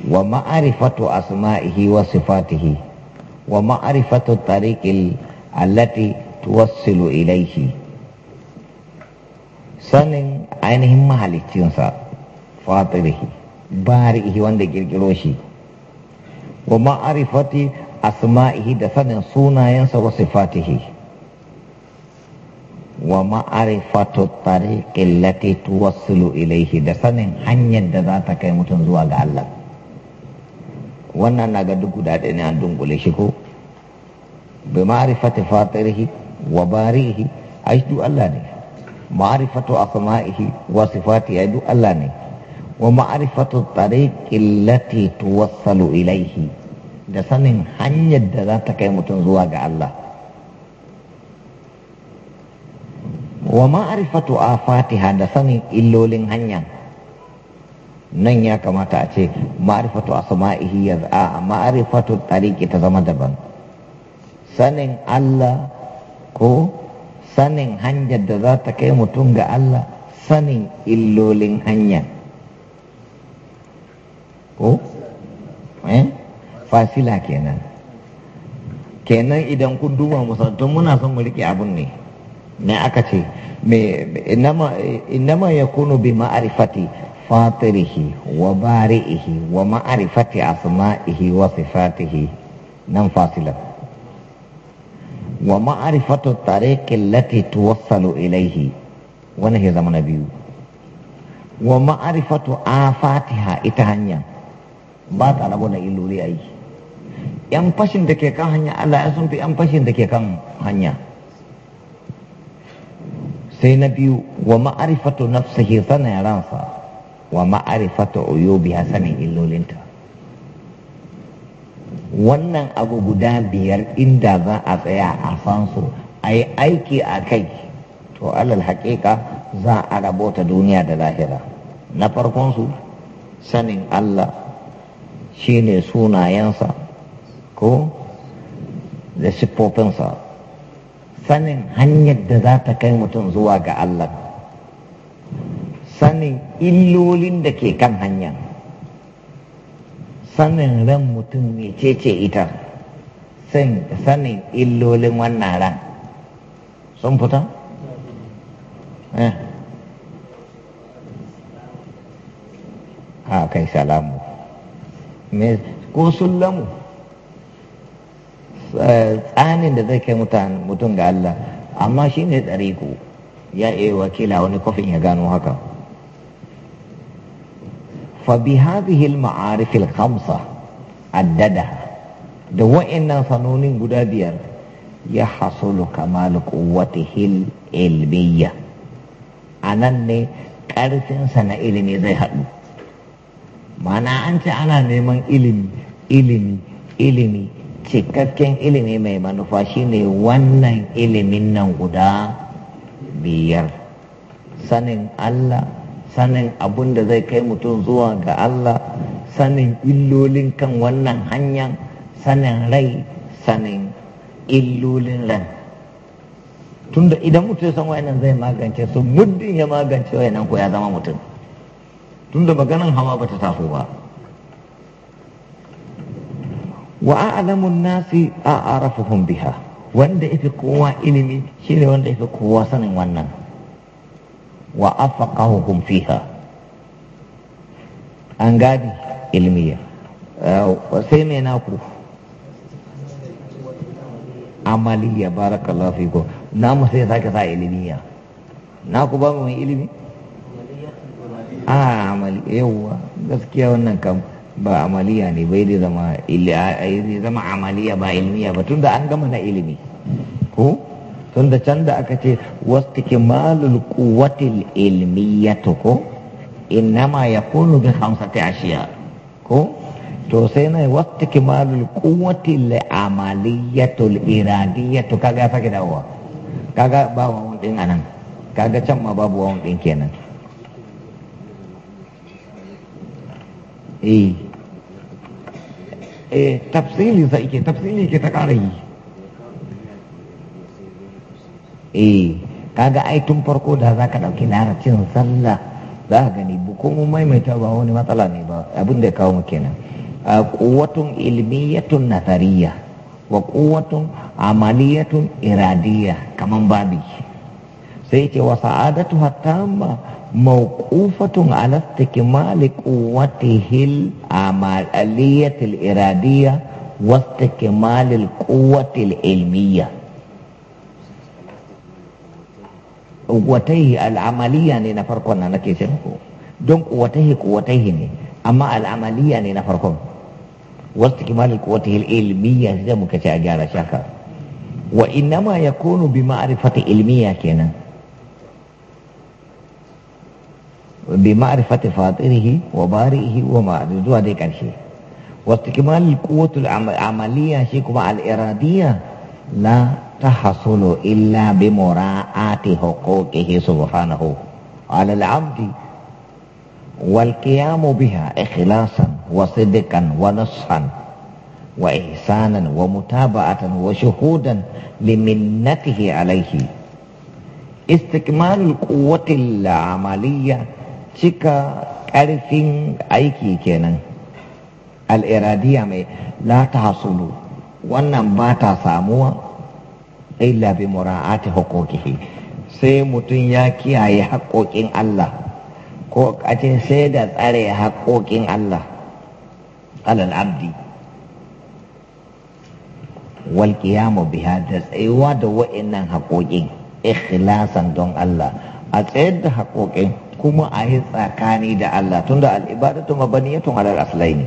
wa ma'rifatu asma'ihi wa sifatihi wa ma'rifatu tariqil allati tuwassilu ilaihi sanin ainihin mahaliccinsa fatirihi barihi wanda kirkiro shi wa ma'arifati asma'ihi da sanin sunayensa wa sifatihi wa ma'arifatu tariqil lati tuwassilu ilaihi da sanin hanyar da za ta kai mutum zuwa ga Allah wannan na ga duk guda ɗaya ne an dunkule shi ko bi ma'arifati fatirihi wa barihi ai Allah ne ma'rifatu asma'ihi wa sifati ya duk Allah ne wa ma'rifatu tariqil lati tuwassalu ilaihi da sanin hanyar da za ta kai mutum zuwa ga Allah wa ma'rifatu afatiha da sanin illolin hanya nan ya kamata a ce ma'rifatu asma'ihi ya a ma'rifatu tariqi ta zama daban sanin Allah ko sanin hanyar da za ta kai mutum ga Allah sanin illolin hanya ko eh? fasila kenan kenan idan kun duba musamman muna son mu rike abun ne ne aka ce inama ya kunu bi ma'arifati fatirihi wa bari'ihi wa ma'arifati asma'ihi wa sifatihi nan fasilan wa ma'arifatu tariqin lati tuwassalu ilaihi wani ke zama na biyu wa ma'arifatu fatiha ita hanya ba ta rabu da illoli yi yan fashin da ke kan hanya Allah ya sun fi yan fashin da ke kan hanya sai na biyu wa ma'arifatu nafsihi sanin ransa wa ma'arifatu biya sanin illolinta wannan abu guda biyar inda za a tsaya a san su a yi aiki a kai to alal haƙiƙa za a rabota duniya da lahira na farkonsu sanin Allah shi ne sunayensa ko da siffofinsa sanin hanyar da za ta kai mutum zuwa ga Allah sanin illolin da ke kan hanyar sanin ran mutum mecece ita sanin illolin wannan ran sun fita? Eh. a ah, kai salamu ko sun lamu eh, tsanin da zai kai mutum ga Allah amma shi ne ɗariku ya iya wakila wani kofin ya gano haka فبهذه المعارف الخمسة عددها biyar, ya قدادير يحصل كمال قوته العلمية أنني ƙarfin sa na ilimi zai haɗu mana an ce ana neman ilimi ilimi ilimi cikakken ilimi mai manufa shine wannan ilimin nan guda biyar sanin Allah sanin abun da zai kai mutum zuwa ga Allah sanin illolin kan wannan hanyar sanin rai sanin illolin ran tunda idan mutum ya san wayannan zai magance su muddin ya magance wayannan ko ya zama mutum tunda maganan hawa bata taso ba wa a'lamun nasi a'rafuhum biha wanda yafi kowa ilimi shine wanda yafi kowa sanin wannan wa afaqahuhum fiha an gadi ilmiya eh, sai mai naku amaliya barakallahu na namu sai zaka sa ilmiya naku ba mu ilimi a ah, amali yawa gaskiya wannan kam ba amaliya ne bai zai zama amaliya ba ilmiya ba tunda an gama na ilimi ko tunda can da aka ce wastikimalul quwwatil ilmiyatu ko innama yakunu bi ta ashiya ko to sai na wastikimalul quwwatil amaliyatul iradiyatu kaga sake dawowa kaga ba wani din anan kaga can ma babu wani din kenan eh eh tafsili sai ke tafsili ke ta kara yi eh kaga ai tun farko da zaka dauki larabcin sallah za ka gani buku mu maimaita ba wani matsala ne ba abin da ya kawo mu kenan quwwatun ilmiyatun nasariya wa quwwatun amaliyatun iradiya kaman babi sai ce wa sa'adatu ma mawqufatun ala istikmali quwwatihil amaliyatil iradiyya wa istikmalil quwwatil ilmiyya قوتيه العملية نفرقنا نكيسنكو دون قوتيه قوتيه أما العملية نفرقنا واستكمال قوته العلمية زي مكتاجارة شاكا وإنما يكون بمعرفة علمية كينا بمعرفة فاطره وبارئه وما ذو ذلك شيء واستكمال القوة العملية شيء مع الإرادية لا تحصل إلا بمراعاة حقوقه سبحانه على العبد والقيام بها إخلاصا وصدقا ونصحا وإحسانا ومتابعة وشهودا لمنته عليه استكمال القوة العملية شكا كارثين أيكي كينا الإرادية لا تحصلوا wannan ba ta samuwa illa bi mura'ati hukukihi sai mutum ya kiyaye haƙoƙin Allah ko a sai da tsare haƙoƙin Allah alal abdi wal qiyamu biha da tsayuwa da wa'annan haƙoƙin ikhlasan don Allah a tsayar da haƙoƙin kuma a yi tsakani da Allah tunda al-ibadatu mabaniyatun alal aslaini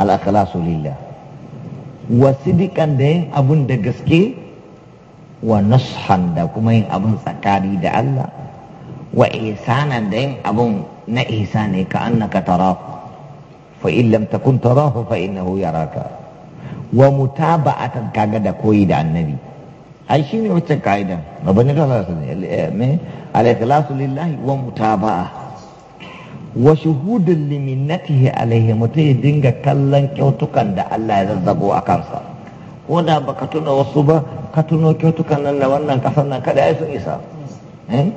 al-ikhlasu lillah wa sidikan da yin abun da gaske wa nashan da kuma yin abun tsakari da Allah wa ihsanan da yin abun na ihsani ka annaka tarahu fa in lam takun tarahu fa innahu yaraka wa mutaba'atan kaga da koyi da annabi ai shine wacce kaida babban ne kala ne eh, me al ikhlasu lillahi wa mutaba'a wa shuhudun liminnatihi alaihi mutum ya dinga kallon kyautukan da Allah ya zazzago a kansa ko da baka tuna wasu ba ka tuno kyautukan nan da wannan kasar nan kada ya sun isa eh?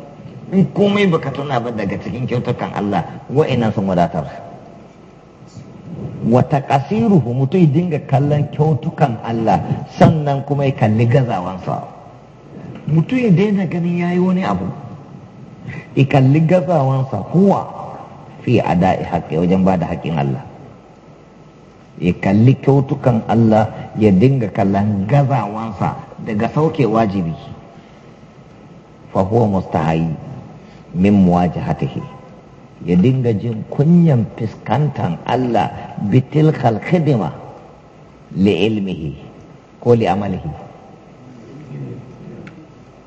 in komai baka tuna ba daga cikin kyautukan Allah ina sun wadatar wata kasiru mutum ya dinga kallon kyautukan Allah sannan kuma ya kalli gazawansa mutum ya daina ganin yayi wani abu ya kalli gazawansa kuwa fi ada'i haƙƙi wajen ba da haƙƙin Allah ya kalli kyautukan Allah ya dinga kallon gazawansa daga sauke wajibi fahuwa mustahayi min muwajahatihi ya dinga jin kunyan fiskantan Allah bitil khidima li ilmihi ko li amalihi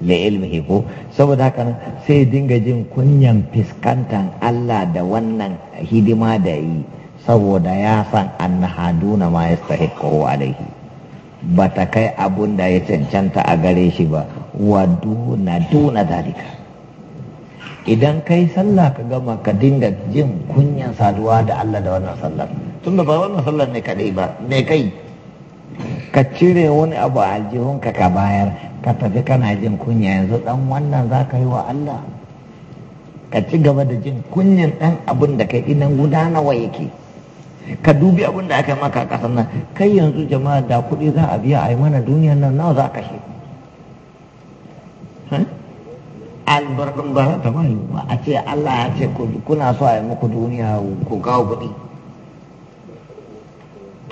li ilmihi ko saboda haka sai dinga jin kunyan fiskantan Allah da wannan hidima da yi saboda ya san annahaduna ma yastahiqu alaihi ba ta kai abun da ya cancanta a gare shi ba wa duna duna dalika idan kai sallah ka gama ka dinga jin kunyan saduwa da Allah da wannan sallar tunda ba wannan sallar ne kadai ba me kai ka cire wani abu a aljihunka ka bayar ka tafi kana jin kunya yanzu dan wannan za ka yi wa Allah ka ci gaba da jin kunyan dan abin da kai dinan wa yake ka dubi abin da aka maka kasar nan kai yanzu jama'a da kuɗi za a biya a yi mana duniyar nan nawa za ka shi albarkun ba ta ba a ce Allah ya ce kuna so a yi muku duniya ku kawo kuɗi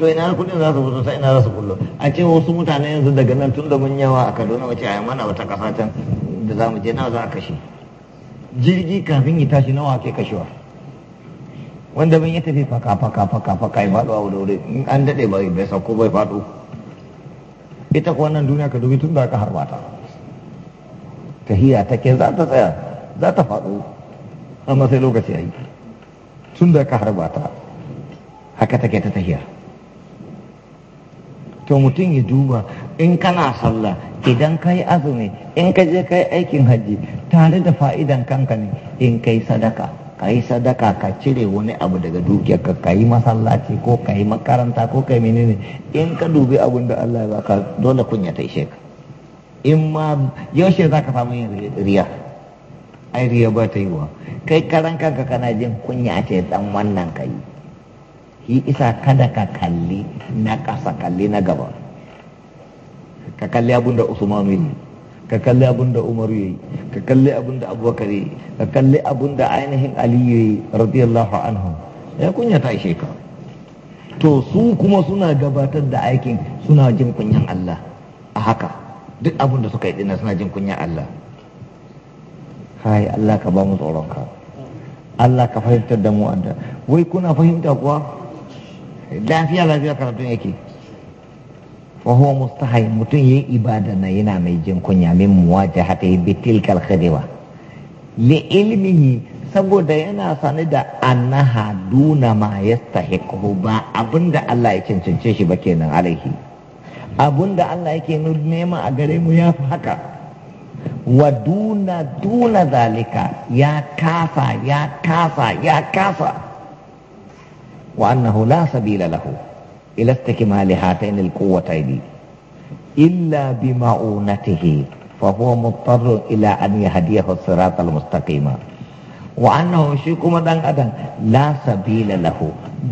to ina kudin za su fito sai ina za su kullo a ce wasu mutane yanzu daga nan tun da mun yawa a Kaduna wace a mana wata kasa can da za mu je nawa za a kashe jirgi kafin ya tashi nawa ke kashewa wanda mun yi tafi faka faka faka faka ya faɗo a wuri in an daɗe bai bai sauko bai faɗo ita kuwa wannan duniya ka dubi tun da aka harba ta tahiya ke za ta tsaya za ta faɗo amma sai lokaci yi tun da aka harba ta haka take ta tahiya to mutum ya duba in kana sallah idan ka yi azumi in ka je ka yi aikin hajji tare da fa'idan kanka ne in kai yi sadaka ka yi sadaka ka cire wani abu daga dukiyarka ka yi masallaci ko ka yi makaranta ko ka yi menene in ka dubi abin da Allah ya baka dole kunya ta ishe ka in ma yaushe za ka samu yin riya ai riya ba ta yi wa kai karan kanka kana jin kunya ce dan wannan ka shi isa kada ka kalli na ƙasa kalli na gaba ka kalli abin da usman yi ka kalli abin da umaru yi ka kalli abin da abubakar yi ka kalli abin da ainihin aliyu yi radiyallahu anhu ya kunya ta ishe ka to su kuma suna gabatar da aikin suna jin kunyan Allah a haka duk abin da suka yi dina suna jin kunyan Allah hai Allah ka ba mu tsoronka Allah ka fahimtar da mu wai kuna fahimta kuwa lafiya lafiya karatun yake wa huwa mutum yayi ibada na yana mai jin kunya min muwajahati bi tilkal khadiwa li ilmihi saboda yana sani da annaha duna ma yastahiqu ba abinda Allah ya cancance shi ba kenan alaihi abinda Allah yake nema a gare mu ya fi haka wa duna duna zalika ya kafa ya kafa ya kafa وأنه لا سبيل له إلى استكمال هاتين القوتين إلا بمعونته فهو مضطر إلى أن يهديه الصراط المستقيم وأنه شيكم دان أدن لا سبيل له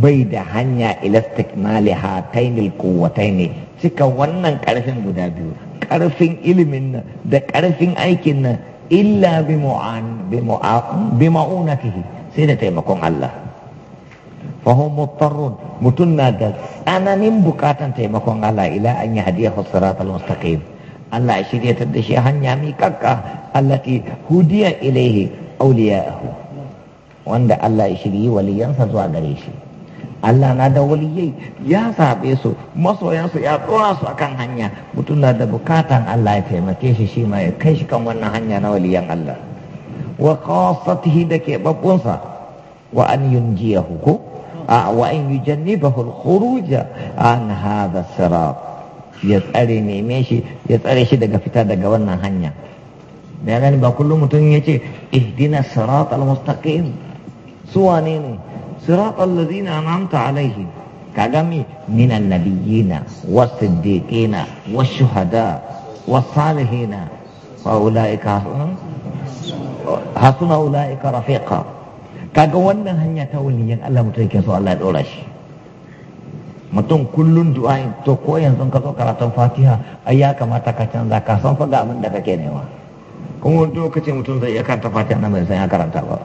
بيد هنيا إلى استكمال هاتين القوتين سكا ونن كارفين بدابيو كارفين إلمنا دا كارفين أيكنا إلا بمعان بمعونته سيدة مكون الله fahum muttarrun mutum na da tsananin bukatan taimakon Allah ila an yi hadiya siratal mustaqim Allah ya shirya ta da shi hanya mi kakka allati hudiya ilaihi awliya'ahu wanda Allah ya shiryi waliyansa zuwa gare shi Allah na da waliyai ya sabe su masoyansu ya tsora su akan hanya mutum na da bukatan Allah ya taimake shi shi ma ya kai shi kan wannan hanya na waliyan Allah wa qasatihi da ke babbunsa wa an yunjiyahu ko Aa wanyi wajen ni bahu An hada sirrat. Ya tsare ne me shi? Ya tsare shi daga fita daga wannan hanya. Da gani ba kullum tun ya ce? Eh dina sirratan wasu taƙin? Su wanene sirratan ladina nan ta alaihe? Kagame. Nina na bi yi na, wasu da ke na, wasu hada, wasu ta kaga wannan hanya ta yin Allah mutum yake so Allah ya dora shi mutum kullum du'a to ko yanzu ka so karatun Fatiha ai ya kamata ka canza ka san faga abin da kake nema kuma wani lokacin mutum zai iya karanta Fatiha nan bai san karanta ba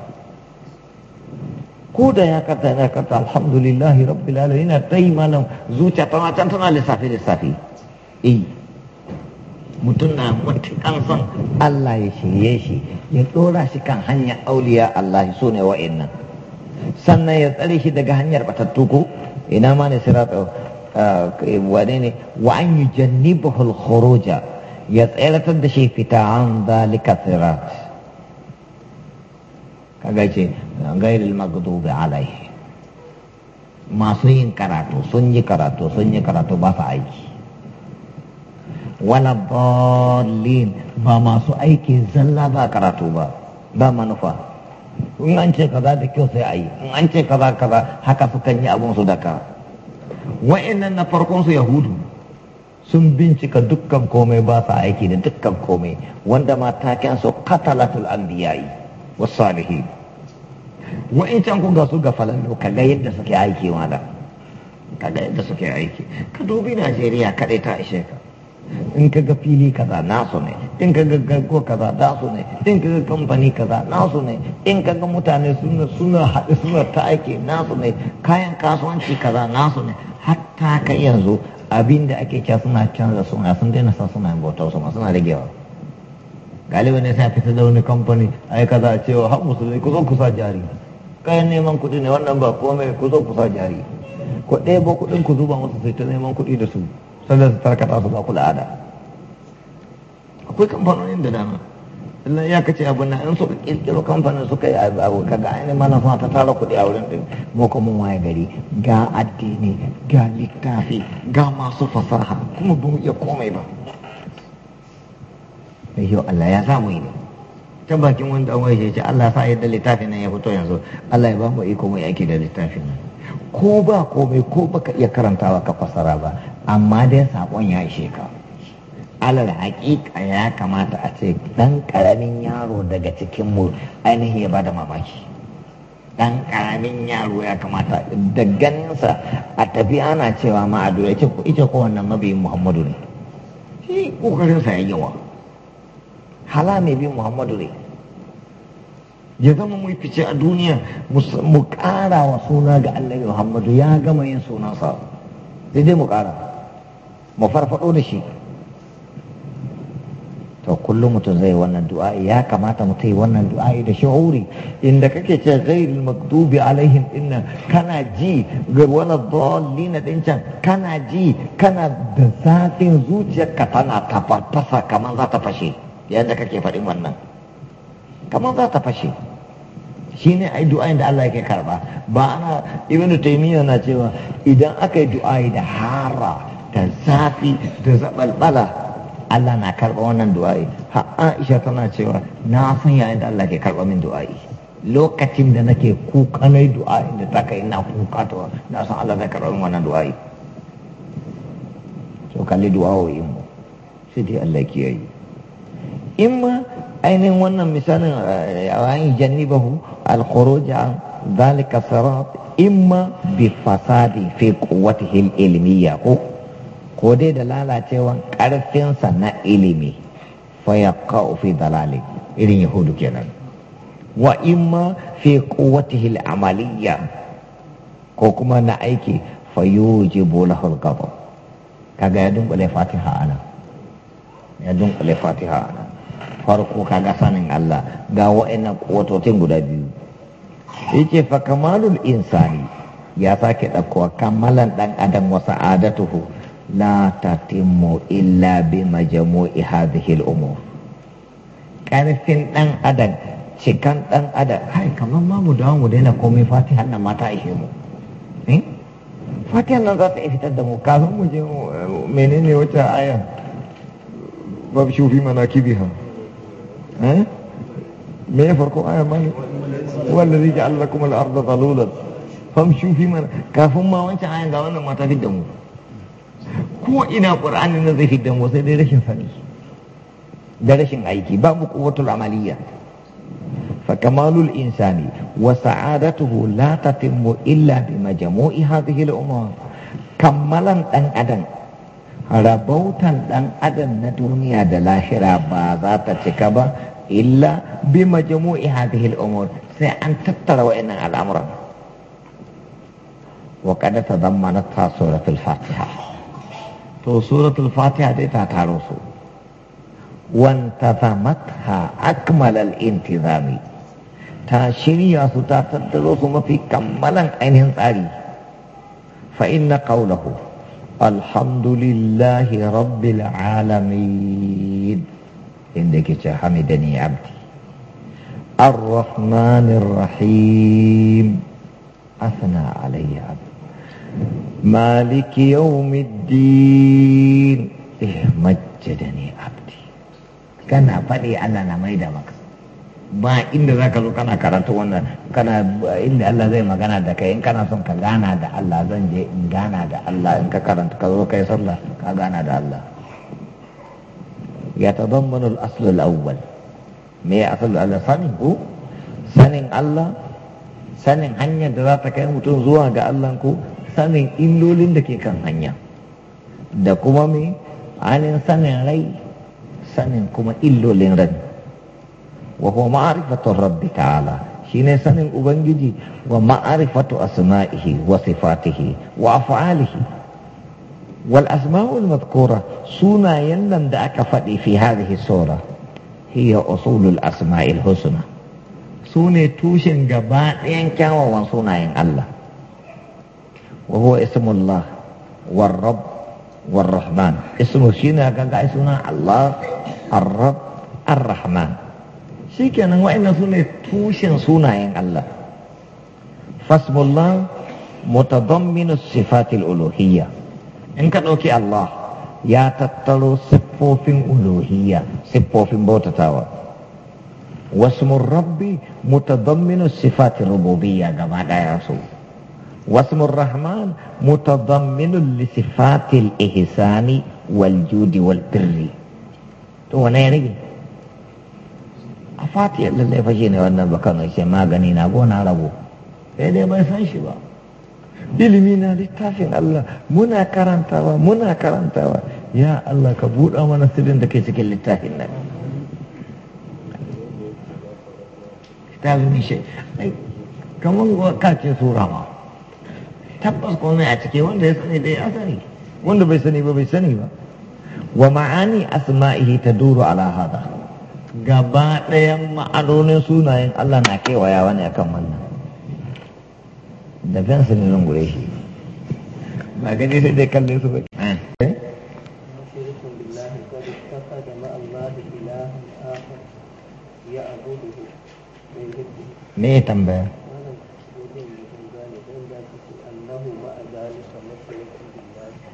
ko da ya karanta ya karanta alhamdulillahi rabbil alamin na tayi malam zuciya tana can tana lissafi lissafi eh mutum na matuƙan son Allah ya shirye shi ya ɗora shi kan hanyar auliya Allah su ne nan sannan ya tsare shi daga hanyar batattu ina ma ne sirata uh, uh, wane ne wa an yi jannibahul khuruja ya tsayaratar da shi fita an zalika sirat kaga ce gairil maghdubi alaihi masu yin karatu sun yi karatu sun yi karatu ba su aiki wala dallin ba masu aiki zalla ba karatu ba ba manufa in an ce kaza da kyau sai ayi yi in an ce kaza kaza haka sukan yi abun su daka wa'annan na farkon su yahudu sun bincika dukkan komai ba sa aiki da dukkan komai wanda ma taken su qatalatul anbiya'i was salihin wa'ancan ku ga su ga falallo ga yadda suke aiki wala ga yadda suke aiki ka dubi Najeriya kaɗai ta ishe in kaga fili kaza nasu ne in kaga ga gargo kaza nasu ne in kaga kamfani kaza nasu ne in kaga mutane suna suna haɗu suna ta aiki nasu ne kayan kasuwanci kaza nasu ne hatta ka yanzu abin da ake cewa suna canza suna sun daina sa suna yin bautar suna suna ragewa galiba ne sai fita da wani kamfani ai kaza a cewa har musulmi ku zo ku sa jari kayan neman kuɗi ne wannan ba komai ku zo ku sa jari ku ɗebo kuɗin ku zuba musu sai ta neman kuɗi da su sannan su tarka su ba ku la'ada akwai kamfanonin da dama sannan ya kace abu na in suka kirkiro kamfanin suka yi abu kaga ainihin fa ta tara kuɗi a wurin din mu mun waye gari ga addini ga littafi ga masu fasaha kuma ba mu iya komai ba mai yau Allah ya samu yi ne can bakin wanda an waje ce Allah sa yadda littafin nan ya fito yanzu Allah ya ba mu iko mu yake da littafin nan ko ba komai ko baka iya karantawa ka fasara ba amma dai sakon ya ishe ka alal haƙiƙa ya kamata a ce ɗan ƙaramin yaro daga cikinmu ainihin ya bada mamaki ɗan ƙaramin yaro ya kamata da ganinsa a tafi ana cewa ma ya ce ita ko wannan mabiyin muhammadu ne shi sa ya yawa hala mai bi muhammadu ne ya zama mai fice a duniya mu ƙara wa suna ga annabi muhammadu ya gama yin sunansa sai dai mu ƙara mu farfado da shi to kullum mutum zai wannan du'a'i ya kamata mu yi wannan du'a'i da shi'uri inda kake ce ghairil makdubi alaihim dinnan kana ji ga wani dhallina din can kana ji kana da zafin zuciyarka tana tafarfasa kamar za ta fashe yadda kake faɗin wannan kamar za ta fashe shi ne a yi du'ayin da Allah yake karba ba ana ibn taimiyya na cewa idan aka yi du'a da hara da zafi da zaɓalɓala. Allah na karɓa wannan du'a'i ha Aisha tana cewa na san yayin da Allah ke karɓa min du'a'i lokacin da nake kuka na du'a'i da ta kai na kuka ta na san Allah zai karɓa min wannan du'a'i so kalli du'a'o'in mu sai dai Allah kiyaye in ma ainihin wannan misalin yawayin eh, jannibahu al-khuruj an dhalika sirat imma bi fasadi fi quwwatihi al-ilmiyya ko ko dai da lalacewan ƙarfinsa na ilimi fayaqa'u fi dalali irin yahudu kenan wa imma fi quwwatihi al-amaliyya ko kuma na aiki fayoji lahu al-ghadab kaga ya dunkule fatiha ana ya dunkule fatiha ana farko kaga sanin Allah ga wa'annan kuwatotin guda biyu yace fa kamalul insani ya sake ɗaukowa kamalan ɗan adam wasa adatuhu la tatimmu illa bi majmu'i hadhihi al-umur karfin dan adam cikan dan adam kai kamar ma mu dawo mu daina komai fatiha nan mata ishe mu eh fatiha nan za ta fitar da mu kafin mu je menene wata aya babu shufi manakibiha eh me ya farko aya mai wallazi ja'al lakum al-ardha dhalulan famshu fi man kafin ma wancan ayan ga wannan mata fit da mu ko ina ƙur'ani na zai hidda mu sai dai rashin sani da rashin aiki babu ƙuwatul amaliyya fa insani wa sa'adatuhu la tatimmu illa bi majmu'i hadhihi al-umur kammalan dan adam rabautan dan adam na duniya da lahira ba za ta cika ba illa bi majmu'i hadhihi al-umur sai an tattara wa'annan al'amuran وقد تضمنتها سورة الفاتحة to suratul fatiha dai ta taro su wantazamatha akmalal intizami ta shirya su ta tattaro su mafi kammalan ainihin tsari fa inna qawlahu alhamdulillahi rabbil alamin inda ke ce hamidani abdi الرحمن الرحيم أثنى علي عبد maliki yaumiddin eh majjadani abdi. kenapa ni Allah namai نميدا maka ba inda za ka zo kana karatu wannan kana inda Allah zai magana da kai in kana son ka gana da Allah zan je in gana da Allah in ka karanta ka zo kai sallah ka gana da Allah ya tadammanu al-asl al-awwal me ya asal Allah sanin ku sanin Allah sanin hanyar da za ta kai mutum zuwa ga Allah ku. sanin illolin da ke kan hanya da kuma me ainihin sanin rai sanin kuma illolin rai wa huwa ma'rifatur rabbi ta'ala shine sanin ubangiji wa ma'rifatu asma'ihi wa sifatihi wa af'alihi wal asma'ul madhkura sunayen nan da aka faɗi fi hadhihi sura hiya usulul asma'il husna sune tushen gaba ɗayan kyawawan sunayen Allah وهو اسم الله والرب والرحمن اسم شينا كان اسمنا الله الرب الرحمن شيكنا وإن سنة توشن سنة الله فاسم الله متضمن الصفات الألوهية إن كان أوكي الله يا تتلو سبوفين ألوهية سبوفين بوتتاوى واسم الرب متضمن الصفات الربوبية كما يا رسول واسم الرحمن متضمن لصفات الإحسان والجود والبر تو وانا يعني a fatiya lallai fashe ne wannan bakan ya ce magani na gona rabo sai dai Allah muna karantawa muna ya Allah ka buɗa mana da ke cikin littafin nan kamar tabbas komai a ciki wanda ya sani dai ya sani wanda bai sani ba bai sani ba wa ma'ani asma'ihi taduru ala hada gaba ɗayan ma'anonin sunayen Allah na kewaya wani akan wannan da kansa ne zan gure shi ba gani sai dai kalle su ba ne eh? eh? tambaya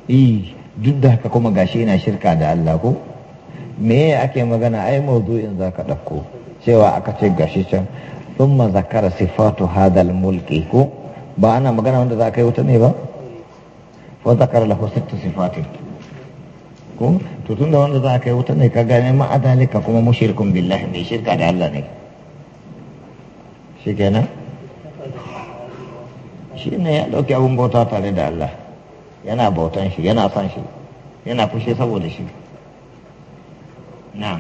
eh duk da haka kuma gashi yana shirka da Allah ko me ake magana ai mawdu'in zaka dauko cewa aka ce gashi can thumma zakara sifatu hadal mulki ko ba ana magana wanda za ka yi wuta ne ba wa zakara lahu sittu sifatin ko to tunda wanda za ka yi wuta ne ka gane ma adalika kuma mushrikun billahi mai shirka da Allah ne shikenan shi ne ya dauki abun bauta tare da Allah yana bautan shi yana son shi yana fushi saboda shi na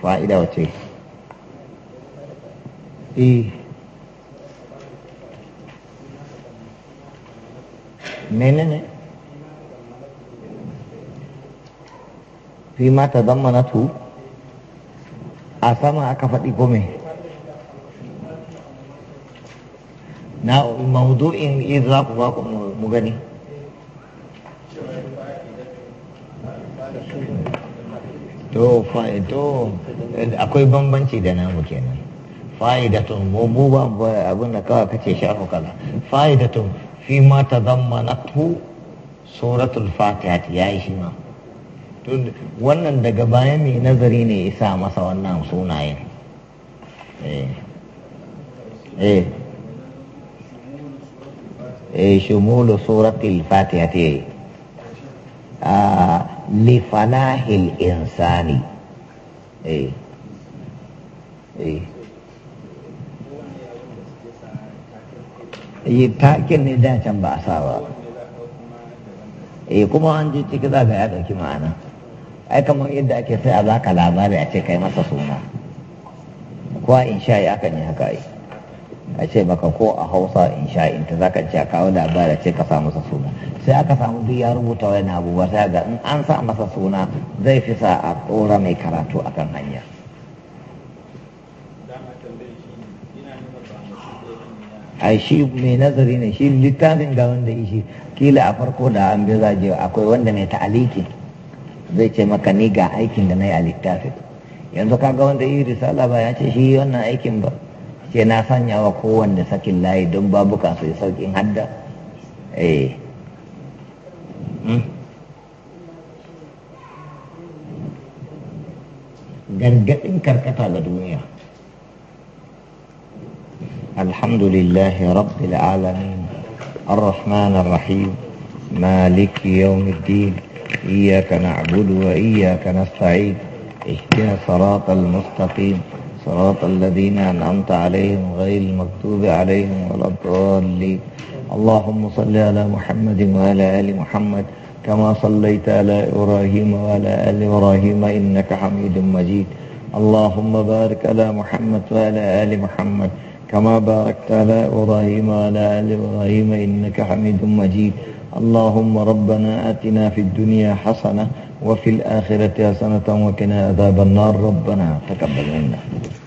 fa'ida wace eh menene fi ma ta na tu a sama aka faɗi gome na maudu'in izaku ba ku mu gani to fa'ido akwai bambanci da namu kenan fa'idatun mu ba abin da kawai kace shafu kala fa'idatun fi ma tazammanatu suratul fatiha ya yi shi ma wannan daga baya mai nazari ne isa masa wannan sunayen eh eh شمول سورة الفاتحة آه لفلاح الإنسان إيه إيه takin ne da can ba a sa ba E kuma an ji ciki za ka ya ma'ana ai kamar yadda ake sai a baka labari a ce kai masa suna ko in sha ya kan yi haka yi a ce maka ko a hausa in sha in ta zaka ce a kawo labara ce ka samu sa suna sai aka samu duk ya rubuta wani abubuwa sai ga in an sa masa suna zai fi sa a tsora mai karatu akan hanya aishi mai nazari ne shi littafin ga wanda shi kila a farko da an bi zaje akwai wanda mai ta'aliki zai ce maka ni ga aikin da na yi a littafin yanzu kaga wanda yi risala ba ya ce shi wannan aikin ba ke na sanya wa kowanne sakin layi don babukan su yi saukin hadda eh gargadin karkata ga duniya alhamdulillahi rabbil alamin الرحمن الرحيم مالك يوم الدين إياك نعبد وإياك نستعين اهدنا صراط المستقيم صراط الذين أنعمت عليهم غير المكتوب عليهم ولا الضالين اللهم صل على محمد وعلى آل محمد كما صليت على إبراهيم وعلى آل إبراهيم إنك حميد مجيد اللهم بارك على محمد وعلى آل محمد كما باركت على إبراهيم وعلى آل إبراهيم إنك حميد مجيد اللهم ربنا آتنا في الدنيا حسنة وفي الآخرة حسنة وقنا عذاب النار ربنا تقبل منا